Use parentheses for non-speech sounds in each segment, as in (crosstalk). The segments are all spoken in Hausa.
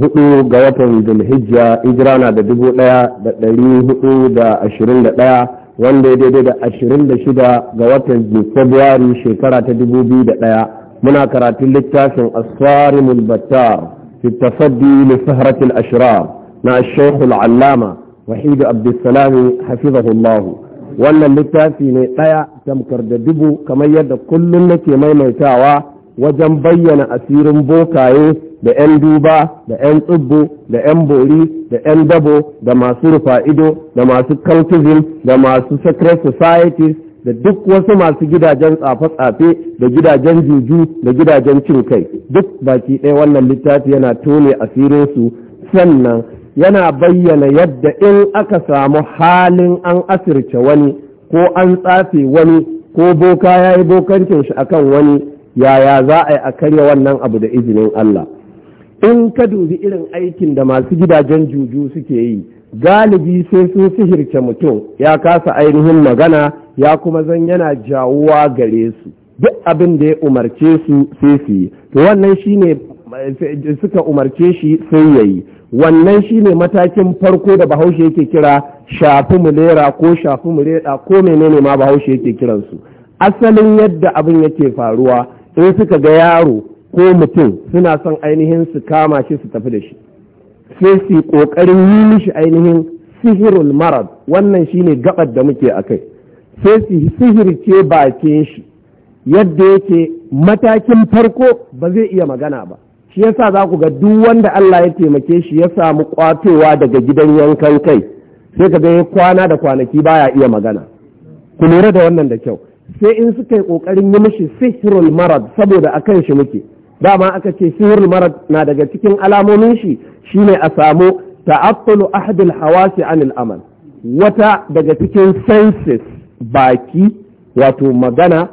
hudu ga watan dulhijja ijira na da dubu daya da dari hudu da ashirin da daya wanda ya daidai da ashirin da shida ga watan fabrairu shekara ta dubu biyu da daya muna karatun littafin asfari mulbattar fi tafaddi li sahratil ashrar na shaykh al-allama wahidu abdussalam hafizahullah wannan littafi ne daya tamkar da dubu kamar yadda kullum nake maimaitawa wajen bayyana asirin bokaye da 'yan duba da 'yan tsibbo da 'yan bori da 'yan dabo da masu rufa ido da masu cultism da masu secret societies da duk wasu masu gidajen tsafe-tsafe da gidajen juju da gidajen cin kai duk baki ɗaya wannan littafi yana tone su sannan yana bayyana yadda in aka samu halin an asirce wani ko an tsafe wani ko boka ya yi bokancin shi akan wani yaya za a yi a karya wannan abu da izinin Allah in ka dubi irin aikin da masu gidajen juju suke yi galibi sai sun sihirce mutum ya kasa ainihin magana ya kuma zan yana jawuwa gare su duk abin da ya umarce su sai su yi to wannan shine eh, suka umarce shi sai ya yi wannan shine matakin farko da bahaushe yake kira shafi mulera ko shafi mureda ko menene ma bahaushe yake kiransu asalin yadda abin yake faruwa in suka ga yaro ko mutum suna son ainihin su kama shi su tafi da shi sai su ƙoƙarin yi mishi ainihin sihirul marad wannan shine gabar da muke a kai sai su sihirce bakin shi yadda yake matakin farko ba zai iya magana ba shi yasa za ku ga duk wanda Allah ya taimake shi ya samu kwatowa daga gidan yankan kai sai ka ga ya kwana da kwanaki baya iya magana ku lura da wannan da kyau sai in suka yi ƙoƙarin yi mishi sihirul marad saboda a kan shi muke dama aka ce sihirul marad na daga cikin alamomin shi shine a samu ta'attulu ahadul hawasi anil amal wata daga cikin senses baki wato magana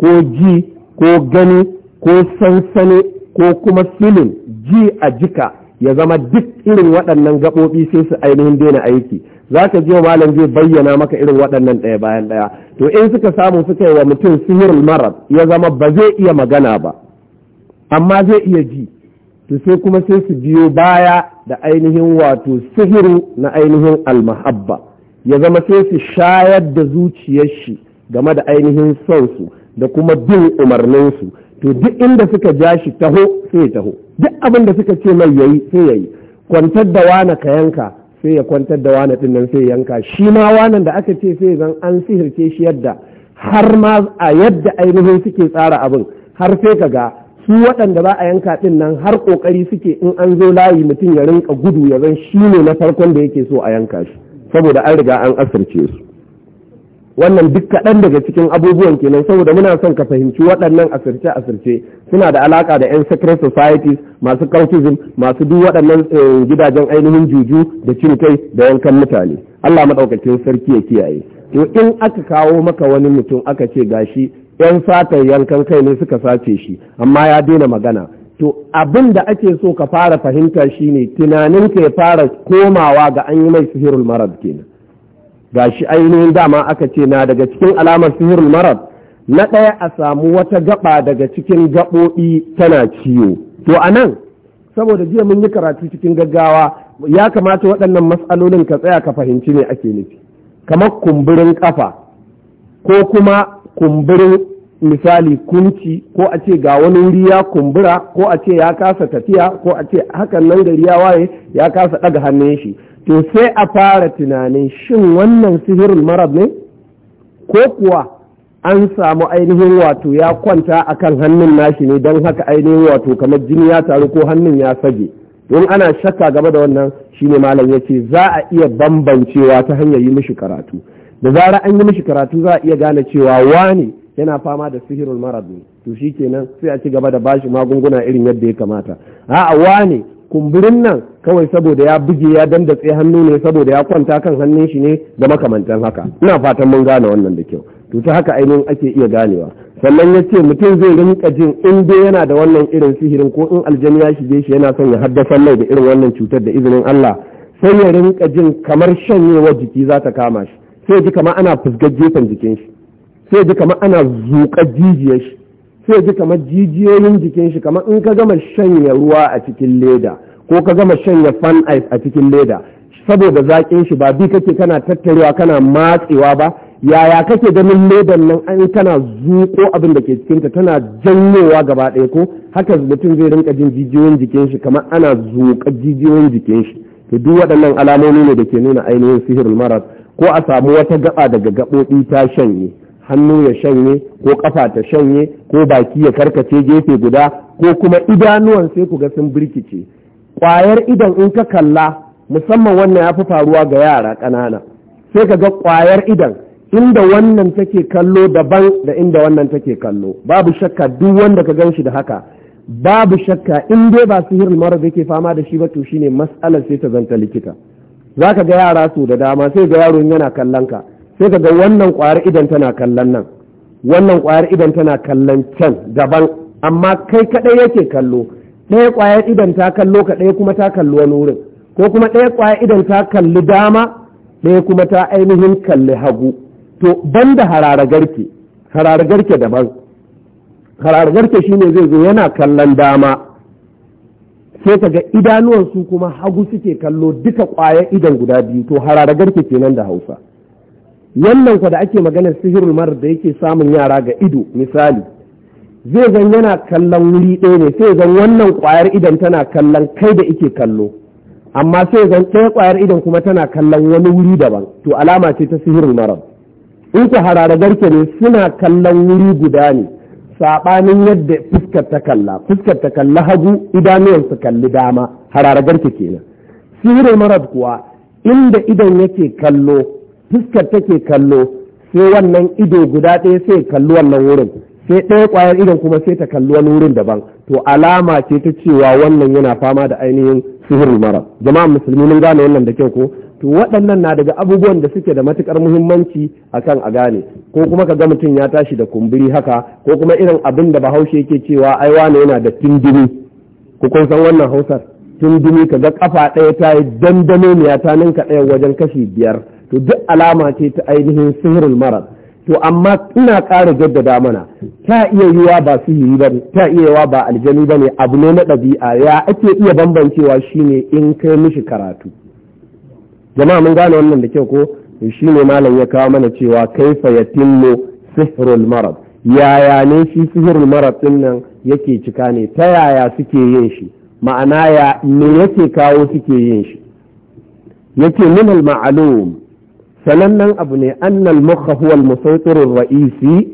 ko ji ko gani ko sansani ko kuma filin ji a jika ya zama duk irin waɗannan gaɓoɓi sai su ainihin daina aiki za ka ji malam zai bayyana maka irin waɗannan ɗaya bayan ɗaya to in suka samu suka yi wa mutum sihir marar ya zama ba zai iya magana ba amma zai iya ji to sai kuma sai su biyo baya da ainihin wato sihiru na ainihin almahabba ya zama sai su shayar da zuciyar shi game da ainihin son su da kuma bin su to duk inda suka ja shi taho sai taho duk abin da suka ce mai yayi sai yayi kwantar da wana ka yanka sai ya kwantar da wani ɗin nan sai yanka shi ma wanan da aka ce sai zan an sihirce shi yadda har ma a yadda ainihin suke tsara abin har sai ka ga su waɗanda ba a yanka ɗin nan har ƙoƙari suke in an zo layi mutum ya rinka gudu ya zan shi ne na farkon da yake so a yanka shi saboda an riga an asirce su wannan duk kaɗan daga cikin abubuwan kenan saboda muna son ka fahimci waɗannan asirce asirce suna da alaka da yan secret societies masu cultism masu duk waɗannan eh, gidajen ainihin juju da cin kai da yankan mutane Allah maɗaukakin sarki ya kiyaye to in aka kawo maka wani mutum aka ce gashi yan satar yankan kai ne suka sace shi amma ya daina magana to abin da ake so ka fara fahimta shine tunaninka ya fara komawa ga an yi mai sihirul marad kenan ga shi ainihin dama aka ce na daga cikin alamar sihirul marar na ɗaya a samu wata gaba daga cikin gaɓoɓi tana ciwo to a nan saboda jiya mun yi karatu cikin gaggawa ya kamata waɗannan matsalolin ka tsaya ka fahimci ne ake nufi kamar kumburin ƙafa ko kuma kumburin misali kunci ko a ce ga wani wuri ya kumbura ko a ce ya kasa tafiya ko a ce hakan nan gari ya waye ya kasa ɗaga hannun shi to sai a fara tunanin shin wannan sihirin marab ne ko kuwa an samu ainihin wato ya kwanta a kan hannun nashi ne don haka ainihin wato kamar jini ya taru ko hannun ya sage don ana shakka game da wannan shine malam ya ce za a iya bambancewa ta hanyar yi mishi karatu da zara an yi mishi karatu za a iya gane cewa wani yana fama da sihirul marad ne to shi kenan sai a ci gaba da bashi magunguna irin yadda ya kamata a'a wani kumburin nan kawai saboda ya buge ya dandatse hannu ne saboda ya kwanta kan hannun shi ne da makamantan haka ina fatan mun gane wannan da kyau to ta haka ainihin ake iya ganewa sannan ya ce mutum zai rinka jin in dai yana da wannan irin sihirin ko in aljani ya shige shi yana son ya haddasa mai da irin wannan cutar da izinin Allah sai ya rinka jin kamar shanyewa jiki za ta kama shi sai ji kamar ana fusgar gefen jikin shi sai ji kamar ana zuƙar jijiyar shi sai ji kamar jijiyoyin jikin shi kamar in ka gama shanya ruwa a cikin leda ko ka gama shanya fan ice a cikin leda saboda zaƙin shi ba bi kake kana tattarewa kana matsewa ba yaya kake ganin ledan nan an kana zuƙo abin da ke cikin cikinta tana janyowa gaba ɗaya ko haka mutum zai rinka jin jijiyoyin jikin shi kamar ana zuƙa jijiyoyin jikin shi to duk waɗannan alamomi ne da ke nuna ainihin sihirul maras ko a samu wata gaba daga gaɓoɓi ta shanye hannu ya shanye ko kafa ta shanye ko baki ya karkace gefe guda ko kuma idanuwan sai ku ga sun birkice kwayar idan in ka kalla musamman wannan ya fi faruwa ga yara ƙanana sai ka ga kwayar idan inda wannan take kallo daban da inda wannan take kallo babu shakka duk wanda ka gan shi da haka babu shakka in dai ba su sihirin mara da ke fama da shi ba to shine matsalar sai ta zanta likita za ka ga yara su da dama sai ga yaro yana kallon ka sai ka ga wannan ƙwayar idan tana kallon nan wannan ƙwayar idan tana kallon can daban amma kai kaɗai yake kallo ɗaya ƙwayar idan ta kallo ka ɗaya kuma ta kalli wani wurin ko kuma ɗaya ƙwayar idan ta kalli dama ɗaya kuma ta ainihin kalli hagu to banda hararagarke hararagarke daban hararagarke shine zai zo yana kallon dama sai ka ga idanuwan su kuma hagu suke kallo duka ƙwayar idan guda biyu to hararagarke kenan da hausa wannan kwa da ake maganar sihirul marar da yake samun yara ga ido misali zai zan yana kallon wuri ɗaya ne sai zan wannan ƙwayar idan tana kallon kai da ike kallo amma sai zan ɗaya ƙwayar idan kuma tana kallon wani wuri daban to alama ce ta sihirul marar in ku harara garke ne suna kallon wuri guda ne saɓanin yadda fuskar ta kalla fuskar ta kalla hagu idanuwan su kalli dama harara garke kenan sihirul marar kuwa inda idan yake kallo fuskar take kallo sai wannan ido guda ɗaya sai kalli wannan wurin sai ɗaya ƙwayar idon kuma sai ta kalli wani wurin daban to alama ce ta cewa wannan yana fama da ainihin sihirin mara jama'a musulmi mun gane wannan da kyau ko to waɗannan na daga abubuwan da suke da matukar muhimmanci akan a gane ko kuma ka ga mutum ya tashi da kumburi haka ko kuma irin abin da bahaushe yake cewa ai wane yana da tindini ku kun san wannan hausar tindini ka ga kafa ɗaya ta yi dandamo ne ta ninka ɗaya wajen kashi biyar to duk alama ce ta ainihin sihirul marar to amma ina ƙara jaddada mana ta iya yiwa ba sihiri ba ta iya yiwa ba aljami ba ne abu ne na ɗabi'a ya ake iya bambancewa shine in kai mishi karatu jama'a mun gane wannan da kyau ko shi ne malam ya kawo mana cewa kaifa yatimmu sihirul maras yaya ne shi sihirul maras din nan yake cika ne ta yaya suke yin shi ma'ana ya me yake kawo suke yin shi yake min al ma'lum sanannen abu ne annal mukha huwa al-musaytir ar-ra'isi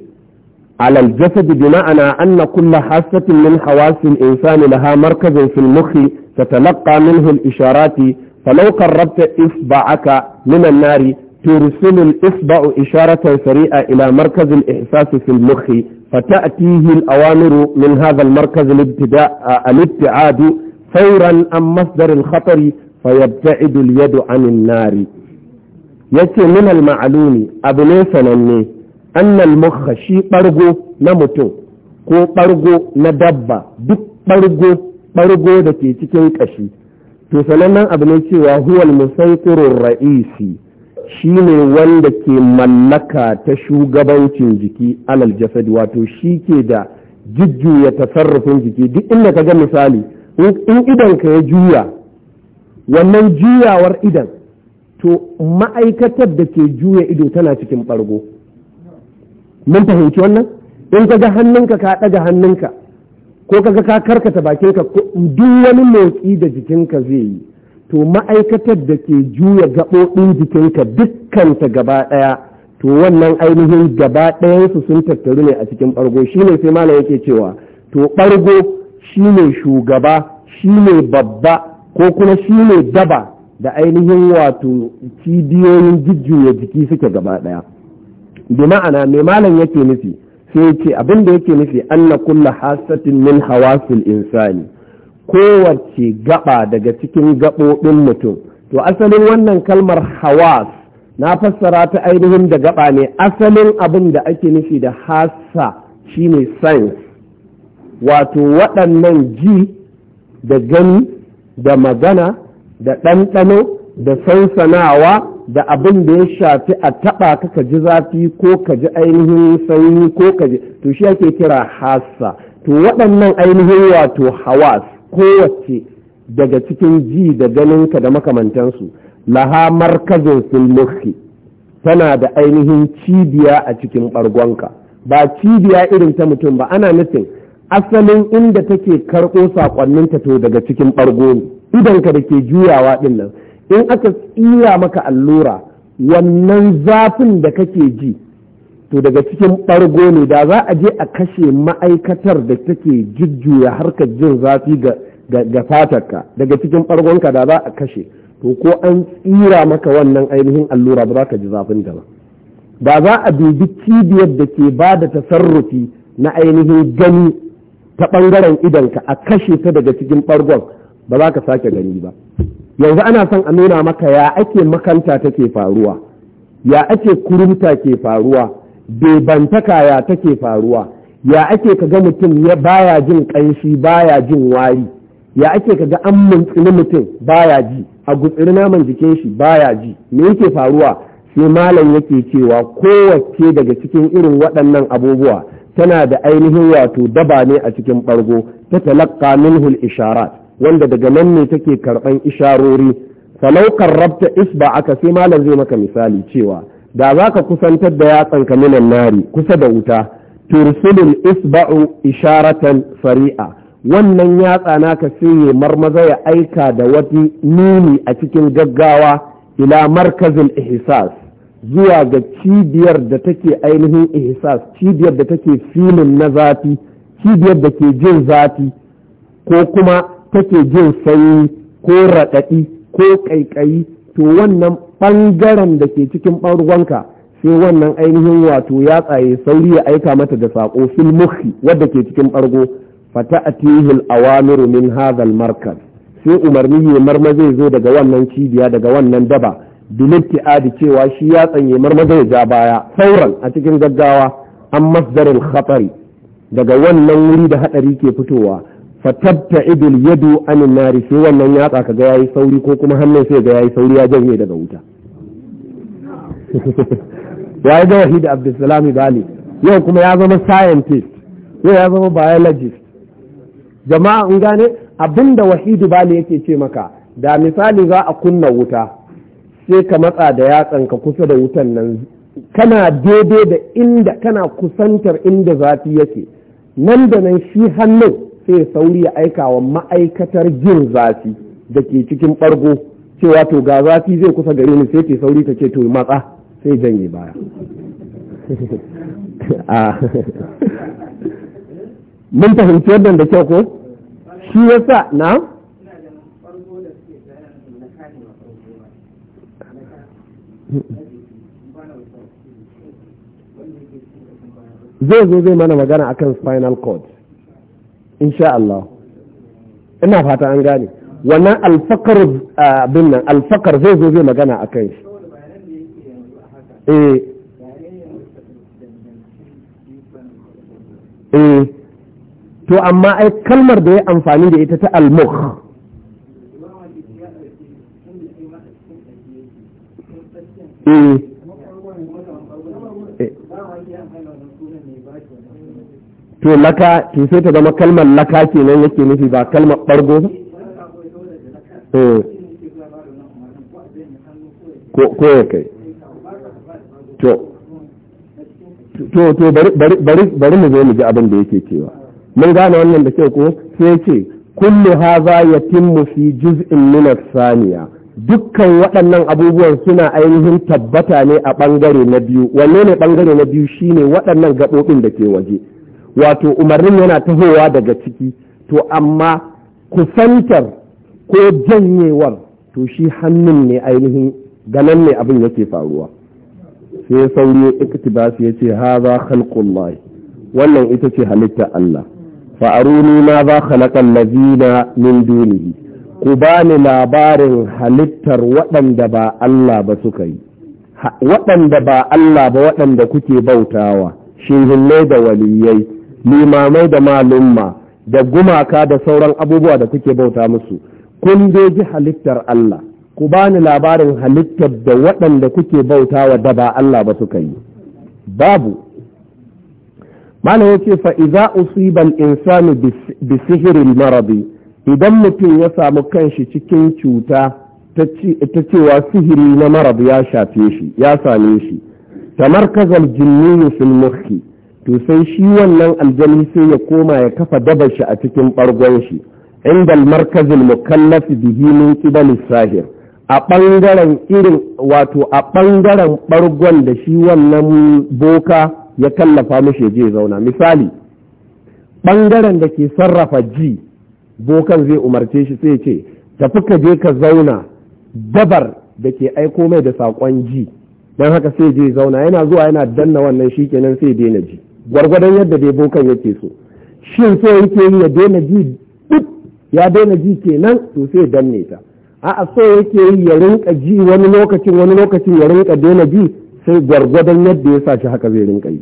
ala al-jasad bi ma'ana anna kull hasatin min hawas al-insan laha markazun fil mukhi tatalaqqa minhu al-isharat فلو قربت إصبعك من النار ترسل الإصبع إشارة سريعة إلى مركز الإحساس في المخ فتأتيه الأوامر من هذا المركز الابتداء الابتعاد فورا عن مصدر الخطر فيبتعد اليد عن النار yace min al ma'lumi abu ne sananne annal mukha shi bargo na mutum ko bargo na dabba duk bargo bargo da ke cikin kashi to sanannen abu ne cewa huwal musaitirur ra'isi shi ne wanda ke mallaka ta shugabancin jiki alal jasadi wato shi ke da jujjuya tasarrufin jiki duk inda ka ga misali in idan ka ya juya wannan juyawar idan to ma'aikatar da ke juya ido tana cikin ɓargo mun fahimci wannan in ka ga hannunka ka ɗaga hannunka ko ka ga ka karkata bakinka duk wani motsi da jikinka zai yi to ma'aikatar da ke juya gaɓoɓin jikinka dukkanta gaba ɗaya to wannan ainihin gaba ɗayansu sun tattaru ne a cikin ɓargo shine sai mala yake cewa to ɓargo shine shugaba shine babba ko kuma shine daba da ainihin wato cidiyoyin jujjuya jiki suke gaba ɗaya bi ma'ana mai malam yake nufi sai ce abin da yake nufi anna kulla hasatin min hawasil insani kowace gaba daga cikin gaɓoɓin mutum to asalin wannan kalmar hawas na fassara ta ainihin da gaba ne asalin abin da ake nufi da hasa shine science wato waɗannan ji da gani da magana da ɗanɗano da sansanawa da abin da ya shafi a taɓa ka ka ji zafi ko ka ji ainihin sanyi ko ka ji to shi ake kira hasa, to waɗannan ainihin wato hawas kowace daga cikin ji da ganinka da makamantansu laha markazin filmuhi tana da ainihin cibiya a cikin ɓargonka ba cibiya irin ta mutum ba ana nufin asalin inda take karɓo saƙonninta to daga cikin ɓargo ne idanka da ke juyawa ɗin nan in aka tsira maka allura wannan zafin da kake ji to daga cikin bargo ne da za a je a kashe ma'aikatar da take jujjuya harkar jin zafi ga fatarka daga cikin ɓargonka da za a kashe to ko an tsira maka wannan ainihin allura ba za ka ji zafin ta ba za a dubi cibiyar da ke ba da tasarrufi na ainihin gani ta ɓangaren idanka a kashe ta daga cikin bargon. ba za ka sake gani ba yanzu ana son a nuna maka ya ake makanta take faruwa ya ake kurumta ke faruwa bebantaka ya take faruwa ya ake ga mutum ya baya jin ƙanshi baya jin wari ya ake kaga an muntsini mutum baya ji a gutsiri naman jikin shi baya ji me yake faruwa sai malam yake cewa kowace daga cikin irin waɗannan abubuwa tana da ainihin wato daba ne a cikin ɓargo ta talakka minhul isharat wanda daga nan ne take karɓan isharori falau karrabta isba aka sai malam zai maka misali cewa da za ka kusantar da ka minan nari kusa da wuta tursilul isba'u isharatan fari'a wannan yatsa naka sai ya marmaza ya aika da wani nuni a cikin gaggawa ila markazin ihsas zuwa ga cibiyar da take ainihin ihsas cibiyar da take filin na zafi cibiyar da ke jin zafi ko kuma take jin sanyi ko raɗaɗi ko ƙaiƙayi to wannan ɓangaren da ke cikin ɓargonka sai wannan ainihin wato ya tsaye sauri ya aika mata da saƙo fil mukhi wadda ke cikin ɓargo fata atihil awamiru min hazal markaz sai umarni ya marma zai zo daga wannan cibiya daga wannan daba bilitti adi cewa shi ya tsanye marma zai ja baya sauran a cikin gaggawa an masdarin khatari daga wannan wuri da hadari ke fitowa fatabta idul yadu anin nari sai wannan yatsa kaga yayi sauri ko kuma hannun sai ga yayi sauri ya janye daga wuta (laughs) ya yi da wahid abdulsalami bali yau kuma ya zama scientist yau ya zama biologist jama'a in gane abinda wahidu bali yake ce maka da misali za a kunna wuta sai ka matsa da ka kusa da wutan nan kana daidai da inda kana kusantar inda zafi yake nan da nan shi hannun sai sauri ya aika wa ma'aikatar jin zafi da ke cikin ɓargo cewa to ga zafi zai kusa gare ni sai ke sauri ta ce to matsa sai janye baya (laughs) ah. (laughs) mun fahimci yadda da kyau ko shi yasa na zai zo zai mana magana akan spinal cord insha Allah ina fata an gane wannan alfakar abin nan alfakar zai zo zai magana a kai shi eh eh to amma ai kalmar da ya amfani da ita ta almuk. eh to laka to sai ta zama kalmar laka ke nan yake nufi ba kalmar ɓargo ba eh. ko ya kai to to to bari mu zo mu ji abin da yake cewa mun gane wannan da kyau ko sai ce kullu haza yatimmu fi juz'in min saniya dukkan waɗannan abubuwan suna ainihin tabbata ne a ɓangare na biyu wanne ne ɓangare na biyu shine waɗannan gaɓoɓin da ke waje wato umarnin yana tahowa daga ciki to amma kusantar ko janyewar to shi hannun ne ainihin ganan ne abin yake faruwa sai sauri iktibas ya ce ha za khalqullah wannan ita ce halitta Allah fa'aruni ma za khalaqal na min dunihi ku bani labarin halittar waɗanda ba Allah ba suka yi waɗanda ba Allah ba waɗanda kuke bautawa shehillai da waliyai limamai da malumma da gumaka da sauran abubuwa da kuke bauta musu kun ji halittar Allah ku bani labarin halittar da waɗanda kuke bauta wa da ba Allah ba suka yi babu malam yace fa idza usiba al-insanu bi sihrin maradi idan mutum ya samu kanshi cikin cuta ta cewa sihiri na marad ya shafe shi ya same shi kazal jinni fil mukhi to sai shi wannan aljani sai ya koma ya kafa dabar shi a cikin bargon shi inda markazin mukallafi bihi min qibali sahir a bangaren irin wato a bangaren bargon da shi wannan boka ya kallafa mishi je zauna misali bangaren da ke sarrafa ji bokan zai umarce shi sai ce tafi ka je ka zauna dabar da ke aiko mai da saƙon ji don haka sai je zauna yana zuwa yana danna wannan shi kenan sai daina ji gwargwadon yadda dai bokan yake so shin so yake yi ya daina ji duk ya daina ji kenan to sai danne ta a'a so yake yi ya rinka ji wani lokacin wani lokacin ya rinka daina ji sai gwargwadon yadda ya sa shi haka zai rinka yi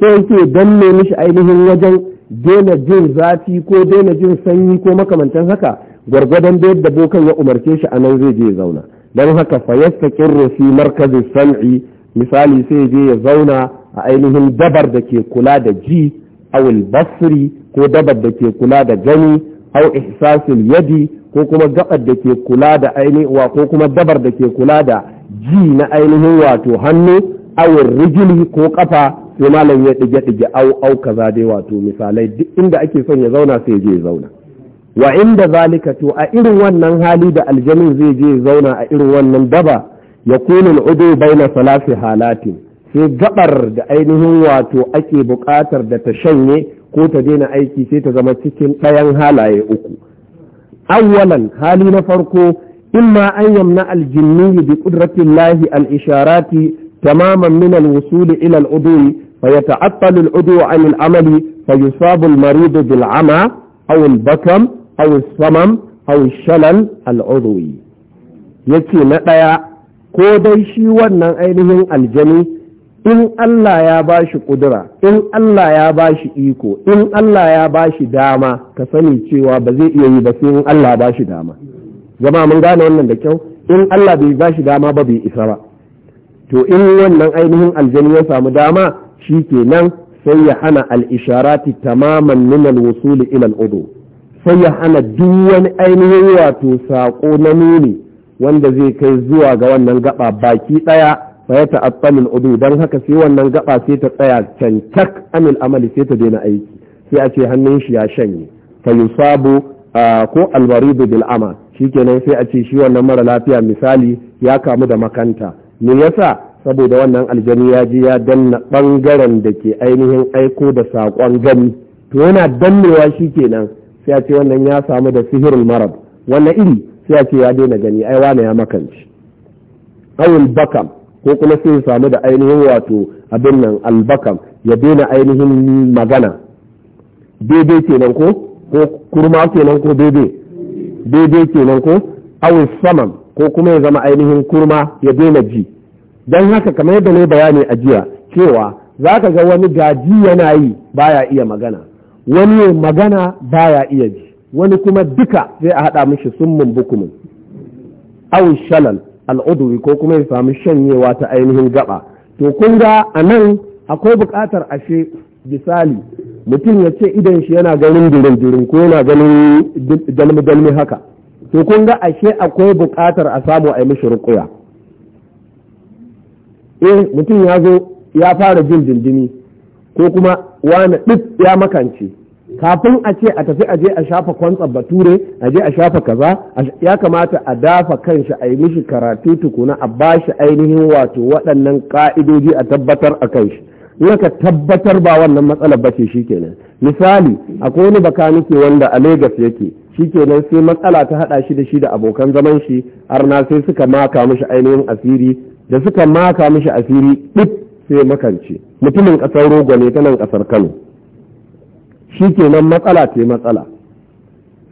so yake danne mishi ainihin wajen daina jin zafi ko daina jin sanyi ko makamantan haka gwargwadon da yadda bokan ya umarce shi a nan zai je ya zauna don haka fayasta kirrasi markazin markazi sam'i misali sai je ya zauna a ainihin dabar da ke kula da ji awil basri ko dabar da ke kula da gani au ihsasil yadi ko kuma gabar da ke kula da ainihin ko kuma dabar da ke kula da ji na ainihin wato hannu awil rijili ko kafa sai malam ya dige dige au au kaza dai wato misalai duk inda ake son ya zauna sai je ya zauna wa inda zalika to a irin wannan hali da aljanin zai je ya zauna a irin wannan daba ya udu al'udu baina salasi halatin sai gabar da ainihin wato ake buƙatar da ta shanye ko ta daina aiki sai ta zama cikin ɗayan halaye uku awwalan hali na farko imma an yamna aljinni bi lahi al-isharati tamaman min al-wusul ila al-udwi فيتعطل العدو عن العمل فيصاب المريض بالعمى أو البكم أو الصمم أو الشلل العضوي yake na ɗaya ko dai shi wannan ainihin aljani in Allah ya ba shi ƙudura in Allah ya ba shi iko in Allah ya ba shi dama ka sani cewa ba zai iya yi ba sai in Allah ba shi dama zama mun gane wannan da kyau in Allah bai ba shi dama ba bai isa ba to in wannan ainihin aljani ya samu dama shi ke nan, sai ya hana al'isharati tamaman min wasuli wusuli ila sai ya hana duk wani ainihin wato saƙo na nuni wanda zai kai zuwa ga wannan gaba baki ɗaya fa ya udu don haka sai wannan gaba sai ta tsaya cancak amil amali sai ta daina aiki sai a ce hannun shi ya shanye fa yusabu ko al bil ama shikenan sai a ce shi wannan mara lafiya misali ya kamu da makanta me yasa saboda wannan aljani ya ji ya danna bangaren da ke ainihin aiko da sakon gani to yana dannewa shikenan sai a ce wannan ya samu da sihirul marab wannan iri sai a ce ya daina gani ai wane ya makanci awul bakam ko kuma sai ya samu da ainihin wato abin nan albakam ya daina ainihin magana daidai kenan ko ko kurma kenan ko daidai daidai kenan ko awu saman ko kuma ya zama ainihin kurma ya daina ji dan haka kamar yadda ne bayani a jiya cewa za ka ga wani gaji yana yi baya iya magana wani magana baya iya ji wani kuma duka zai a haɗa mishi summun bukumin awu shalal al'udwi ko kuma ya samu shanyewa ta ainihin gaba to kun ga a nan akwai buƙatar ashe misali mutum ya ce idan shi yana ganin durin durin ko yana ganin dalmi-dalmi haka to kun ga ashe akwai buƙatar a samu a yi mishi rukuya eh mutum ya zo ya fara jin dindimi ko kuma wani duk ya makance kafin a ce a tafi aje a shafa kwantsa bature a je a shafa kaza ya kamata a dafa kanshi a yi mishi karatu tukuna a bashi ainihin wato waɗannan ka'idoji a tabbatar a kanshi ka tabbatar ba wannan matsalar ba bace shikenan misali akwai wani bakanike wanda a Legas yake shi shikenan sai matsala ta haɗa shi da shi da abokan zaman shi arna sai suka maka mishi ainihin asiri da suka maka mishi asiri duk sai makance mutumin ƙasar rogo ne ta nan ƙasar Kano shi kenan matsala ta matsala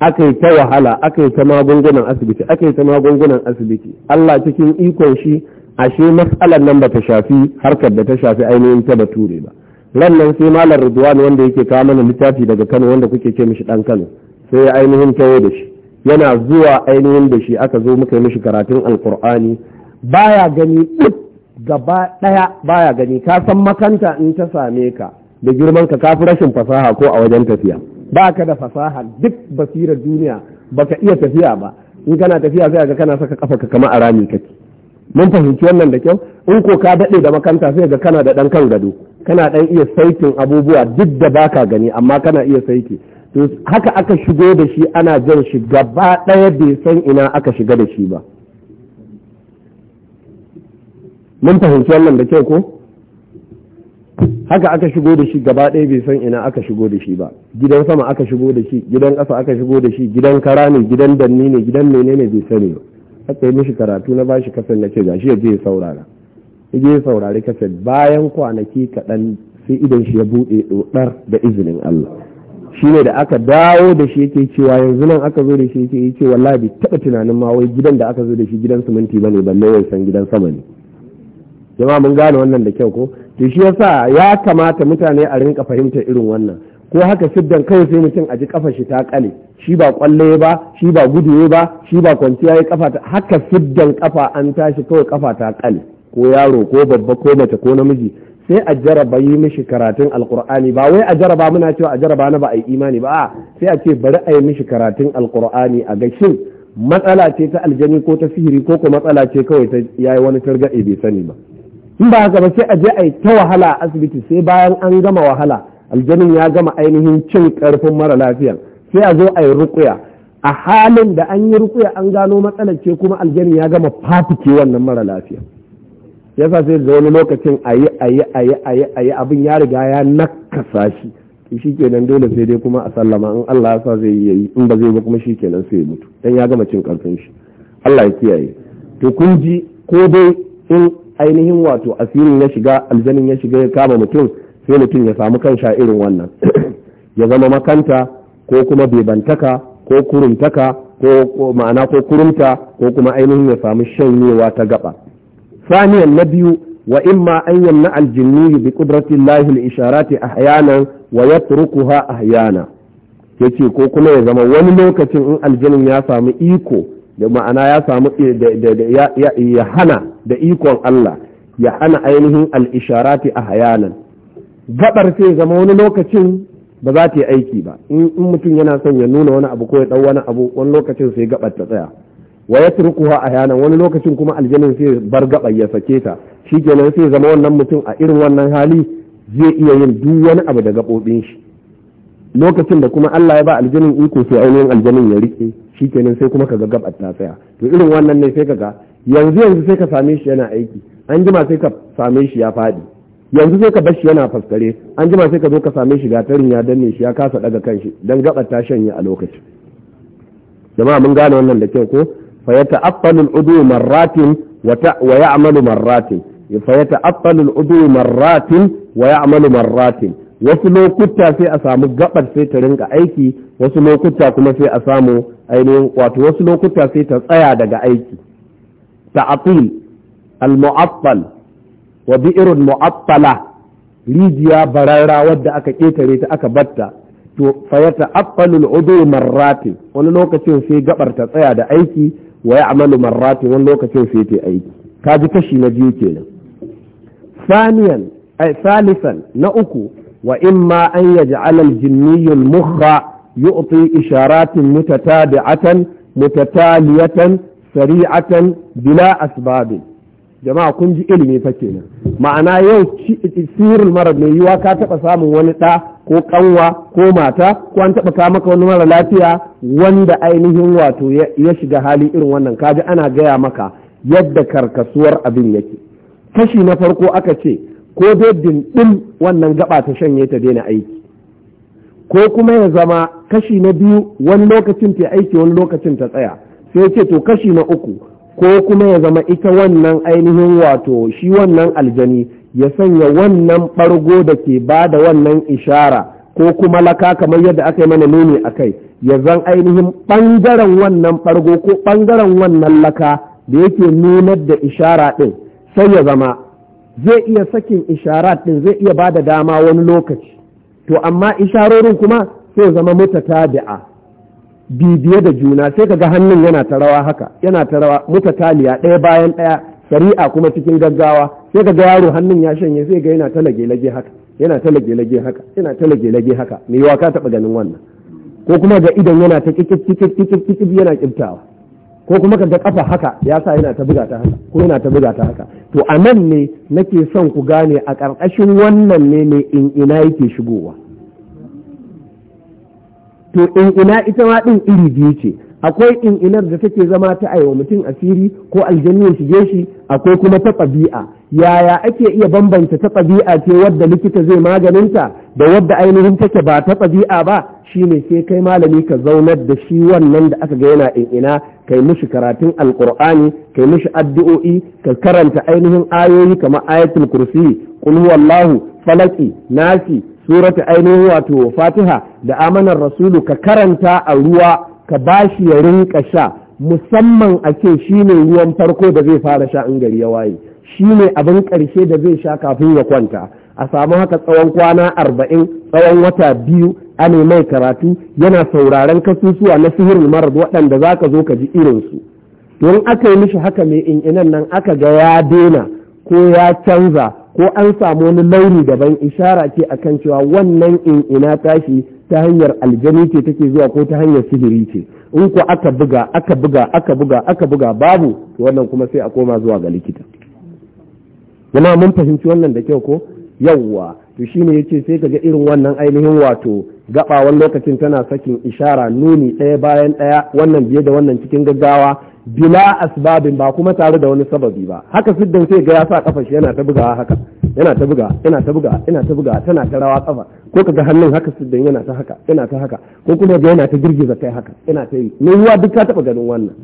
aka yi ta wahala aka yi ta magungunan asibiti aka yi ta magungunan asibiti Allah cikin ikon shi ashe matsalar nan ba ta shafi harkar da ta shafi ainihin ta ture ba lannan sai malar Ridwan wanda yake kawo mana littafi daga Kano wanda kuke ce mishi dan Kano sai ya ainihin tawo da shi yana zuwa ainihin da shi aka zo muka yi mishi karatun alkur'ani baya gani duk gaba daya baya gani ka san makanta in ta same ka da girman ka kafi rashin fasaha ko a wajen tafiya ba ka da fasaha duk basirar duniya baka iya tafiya ba in kana tafiya sai ga kana saka kafa ka kama a rami kake mun fahimci wannan da kyau in ko ka daɗe da makanta sai ga kana da ɗan kan gado kana ɗan iya saikin abubuwa duk da baka gani amma kana iya saiki to haka aka shigo da shi ana jan shi gaba ɗaya bai san ina aka shiga da shi ba mun fahimci wannan da kyau ko haka aka shigo da shi gaba ɗaya bai san ina aka shigo da shi ba gidan sama aka shigo da shi gidan ƙasa aka shigo da shi gidan kara ne gidan danni ne gidan menene bai sani ba haka yi mishi karatu na bashi kasan na ce ga ya je ya saurara ya je ya saurari kasan bayan kwanaki kaɗan sai idan shi ya buɗe ɗoɗar da izinin Allah shi ne da aka dawo da shi yake cewa yanzu nan aka zo da shi yake yi wallahi bai taɓa tunanin ma wai gidan da aka zo da shi gidan siminti ba ne balle wai san gidan sama ne jama'a mun gane wannan da kyau ko to shi yasa ya kamata mutane a rinka fahimta irin wannan ko haka siddan kawai sai mutum a ji kafa shi ta kale shi ba kwalle ba shi ba gudu ba shi ba kwanciya ya kafa ta haka siddan kafa an tashi kawai kafa ta kale ko yaro ko babba ko mace ko namiji sai a jaraba yi mishi karatun alkur'ani ba wai a jaraba muna cewa a jaraba na ba a yi imani ba sai a ce bari a yi mishi karatun alkur'ani a ga shin matsala ce ta aljani ko ta sihiri ko ko matsala ce kawai ta yayi wani targaɗe bai sani ba in ba haka ba sai a je a yi ta wahala a asibiti sai bayan an gama wahala aljanin ya gama ainihin cin karfin mara lafiyan sai a zo a yi rukuya a halin da an yi rukuya an gano matsalar ce kuma aljanin ya gama fafike wannan mara lafiya ya sa sai ga wani lokacin a yi a yi a yi a yi a yi abin ya riga ya nakasa shi shi kenan dole sai dai kuma a sallama in Allah ya sa zai yi in ba zai ba kuma shi kenan sai ya mutu dan ya gama cin karfin shi Allah ya kiyaye to kun ji ko dai in ainihin wato asirin ya shiga aljanin ya shiga ya kama mutum sai mutum ya samu kan sha irin wannan (clears throat) ya zama makanta ko kuma bebantaka ko kurumtaka ko ma'ana ko kurumta ko kuma ainihin ya samu shanyewa ta gaba saniyan na biyu wa imma an yamna aljinni bi qudrati llahi li isharati ahyanan wa yatrukuha ahyana yace ko kuma ya zama wani lokacin in aljinin ya samu iko da ma'ana ya samu eh, ya hana da ikon Allah ya hana ainihin al'isharati a hayanan gabar sai zama wani lokacin ba za ta yi aiki ba in mutum yana son ya nuna wani abu ko ya ɗau wani abu wani lokacin sai gabar ta tsaya wa ya turkuwa a hayanan wani lokacin kuma aljanin sai bar gabar ya sake ta shi kenan sai zama wannan mutum a irin wannan hali zai iya yin duk wani abu da gaɓoɓin shi lokacin da kuma Allah ya ba aljanin iko sai ainihin aljanin ya riƙe shikenan sai kuma ka ga gab ta tsaya to irin wannan ne sai kaga yanzu yanzu sai ka same shi yana aiki an jima sai ka same shi ya fadi yanzu sai ka bar shi yana faskare an jima sai ka zo ka same shi gatarin ya danne shi ya kasa daga kanshi dan gabar ta shanye a lokaci. jama'a mun gane wannan da kyau ko fa yata'affalu al-udu marratin wa ya'malu marratin fa yata'affalu al-udu marratin wa ya'malu marratin wasu lokuta sai a samu gabar sai ta rinka aiki wasu lokuta kuma sai a samu ainihin wato wasu lokuta sai ta tsaya daga aiki ta'atil al-mu'attal wa bi'irun mu'attala rijiya bararra wadda aka ketare ta aka batta to fa ya ta'attalu al-udu marrati wani lokacin sai gabar ta tsaya da aiki wa ya'malu marrati wani lokacin sai ta aiki kaji kashi na biyu kenan na uku wa imma an yaj'al al يجعل al mukha. Yi yu'ti isharatin mutatabi'atan mutataliyatan sari'atan bila asbabin jama'a kun ji ilimi fa kenan ma'ana yau sirrul mara mai yiwa ka taɓa samun wani ɗa ko ƙanwa ko mata ko an taɓa ka maka wani mara lafiya wanda ainihin wato ya shiga hali irin wannan kaji ana gaya maka yadda karkasuwar abin yake kashi na farko aka ce ko dai dindin wannan gaɓa ta shanye ta daina aiki ko kuma ya zama kashi na biyu wani lokacin ta aiki wani lokacin ta tsaya sai ce to kashi na uku ko kuma ya zama ita wannan ainihin wato shi wannan aljani ya sanya wannan bargo da ke ba da wannan ishara ko kuma laka kamar yadda aka yi mana nuni a kai ya zan ainihin ɓangaren wannan bargo ko ɓangaren wannan laka da yake nunar da ishara ɗin sai ya zama zai iya sakin ishara ɗin zai iya ba da dama wani lokaci to amma isharorin kuma sai zama tabi'a bibiye da juna sai kaga hannun yana ta rawa haka yana ta rawa taliya ɗaya bayan ɗaya shari'a kuma cikin gaggawa sai kaga yaro hannun ya shanye sai ga yana ta lage haka yana ta lage haka yana ta lage haka me yawa ka taɓa ganin wannan ko kuma ga idan yana ta kikik kikik kikik yana kibtawa ko kuma ka ga kafa haka ya sa yana ta buga ta haka ko yana ta buga ta haka to a nan ne nake son ku gane a ƙarƙashin wannan ne ne in ina yake shigowa to in ina ita ma din iri biyu ce akwai in inar da take zama ta aiwa mutum asiri ko aljannin shige shi akwai kuma ta ɗabi'a yaya ake iya bambanta ta ɗabi'a ce wadda likita zai maganinta da wadda ainihin take ba ta ɗabi'a ba shine sai kai malami ka zaunar da shi wannan da aka ga yana ina kai mishi karatun alkur'ani kai mishi addu'o'i ka karanta ainihin ayoyi kamar ayatul kursi qul huwallahu falaki nasi surati ainihin wato fatiha da amanar rasulu ka karanta a ruwa ka bashi ya rinka sha musamman a ce shine ruwan farko da zai fara sha in gari ya waye Shi ne abin ƙarshe da zai sha kafin ya kwanta a samu haka tsawon kwana arba'in tsawon wata biyu a mai karatu yana sauraren kasusuwa na sihirin marar waɗanda za ka zo ka ji irinsu don aka yi mishi haka mai in'inan nan aka ga ya daina ko ya canza ko an samu wani launi daban ishara ce akan cewa wannan in'ina tashi ta hanyar aljani ce take zuwa ko ta hanyar sihiri ce in ko aka buga aka buga aka buga aka buga babu wannan kuma sai a koma zuwa ga likita yana mun fahimci wannan da kyau ko yawwa to shine yace sai kaga irin wannan ainihin wato gaba lokacin tana sakin ishara nuni ɗaya bayan ɗaya wannan biye da wannan cikin gaggawa bila asbabin ba kuma tare da wani sababi ba haka siddan sai ga ya sa kafar shi yana ta bugawa haka yana ta buga yana ta buga yana ta buga tana ta rawa kafa ko kaga hannun haka siddan yana ta haka yana ta haka ko kuma ga yana ta girgiza kai haka yana ta yi ne ruwa duk ka taba ganin wannan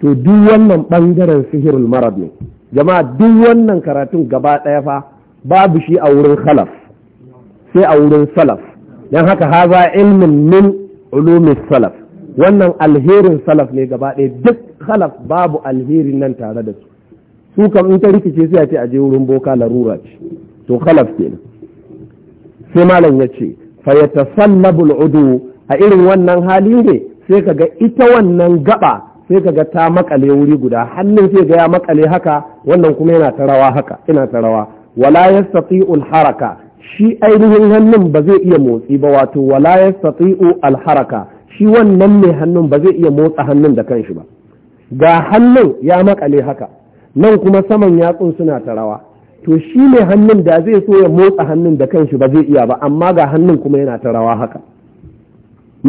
to duk wannan bangaren sihirul marad ne jama'a duk wannan karatun gaba ɗaya fa babu shi a wurin khalaf sai a wurin salaf don haka haza ilmin min ulumin salaf wannan alherin salaf ne gaba ɗaya duk khalaf babu alherin nan tare da su su kam in ta rikice sai a ce a je wurin boka larura ce to khalaf kenan sai malam ya ce fa ya sallabul udu a irin wannan hali ne sai kaga ita wannan gaba sai kaga ta makale wuri guda hannun sai ga ya makale haka wannan kuma yana ta haka ina ta rawa wala yastati'u al-haraka shi ainihin hannun ba zai iya motsi ba wato wala yastati'u al-haraka shi wannan mai hannun ba zai iya motsa hannun da kanshi ba ga hannun ya makale haka nan kuma saman yatsun suna ta rawa to shi mai hannun da zai so ya motsa hannun da kanshi ba zai iya ba amma ga hannun kuma yana ta rawa haka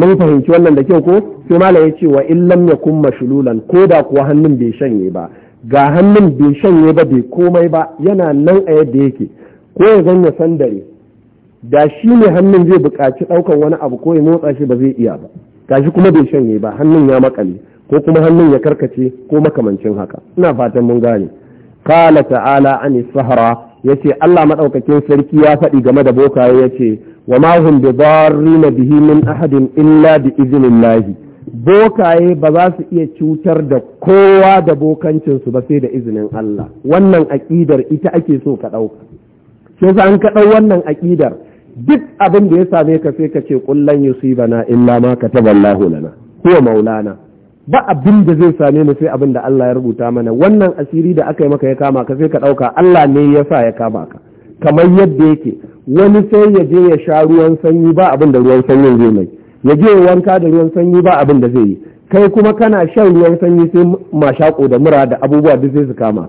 mun fahimci wannan da kyau ko sai malam ya ce wa illam yakun mashlulan ko da kuwa hannun bai shanye ba ga hannun bai shanye ba bai komai ba yana nan a yadda yake ko ya zanya sandare da shi ne hannun zai buƙaci ɗaukan wani abu ko ya motsa shi ba zai iya ba shi kuma bai shanye ba hannun ya makale ko kuma hannun ya karkace ko makamancin haka ina fatan mun gane kala ta'ala ani sahara yace Allah madaukakin sarki ya faɗi game da bokaye yace wa ma hum bi bihi min ahadin illa bi iznillahi bokaye ba za su iya cutar da kowa da bokancinsu ba sai da izinin Allah wannan aƙidar ita ake so ka ɗauka sai za an ka ɗau wannan aƙidar duk abin da ya same ka sai ka ce kullan yusibana illa ma kataballahu lana ko maulana ba abin da zai same mu sai abin da Allah ya rubuta mana wannan asiri da aka yi maka ya kama ka sai ka ɗauka Allah ne ya sa ya kama ka kamar yadda yake wani sai ya je ya sha ruwan sanyi ba abin da ruwan sanyin zai mai ya je wanka da ruwan sanyi ba abin da zai yi kai kuma kana shan ruwan sanyi sai mashako da mura da abubuwa duk sai su kama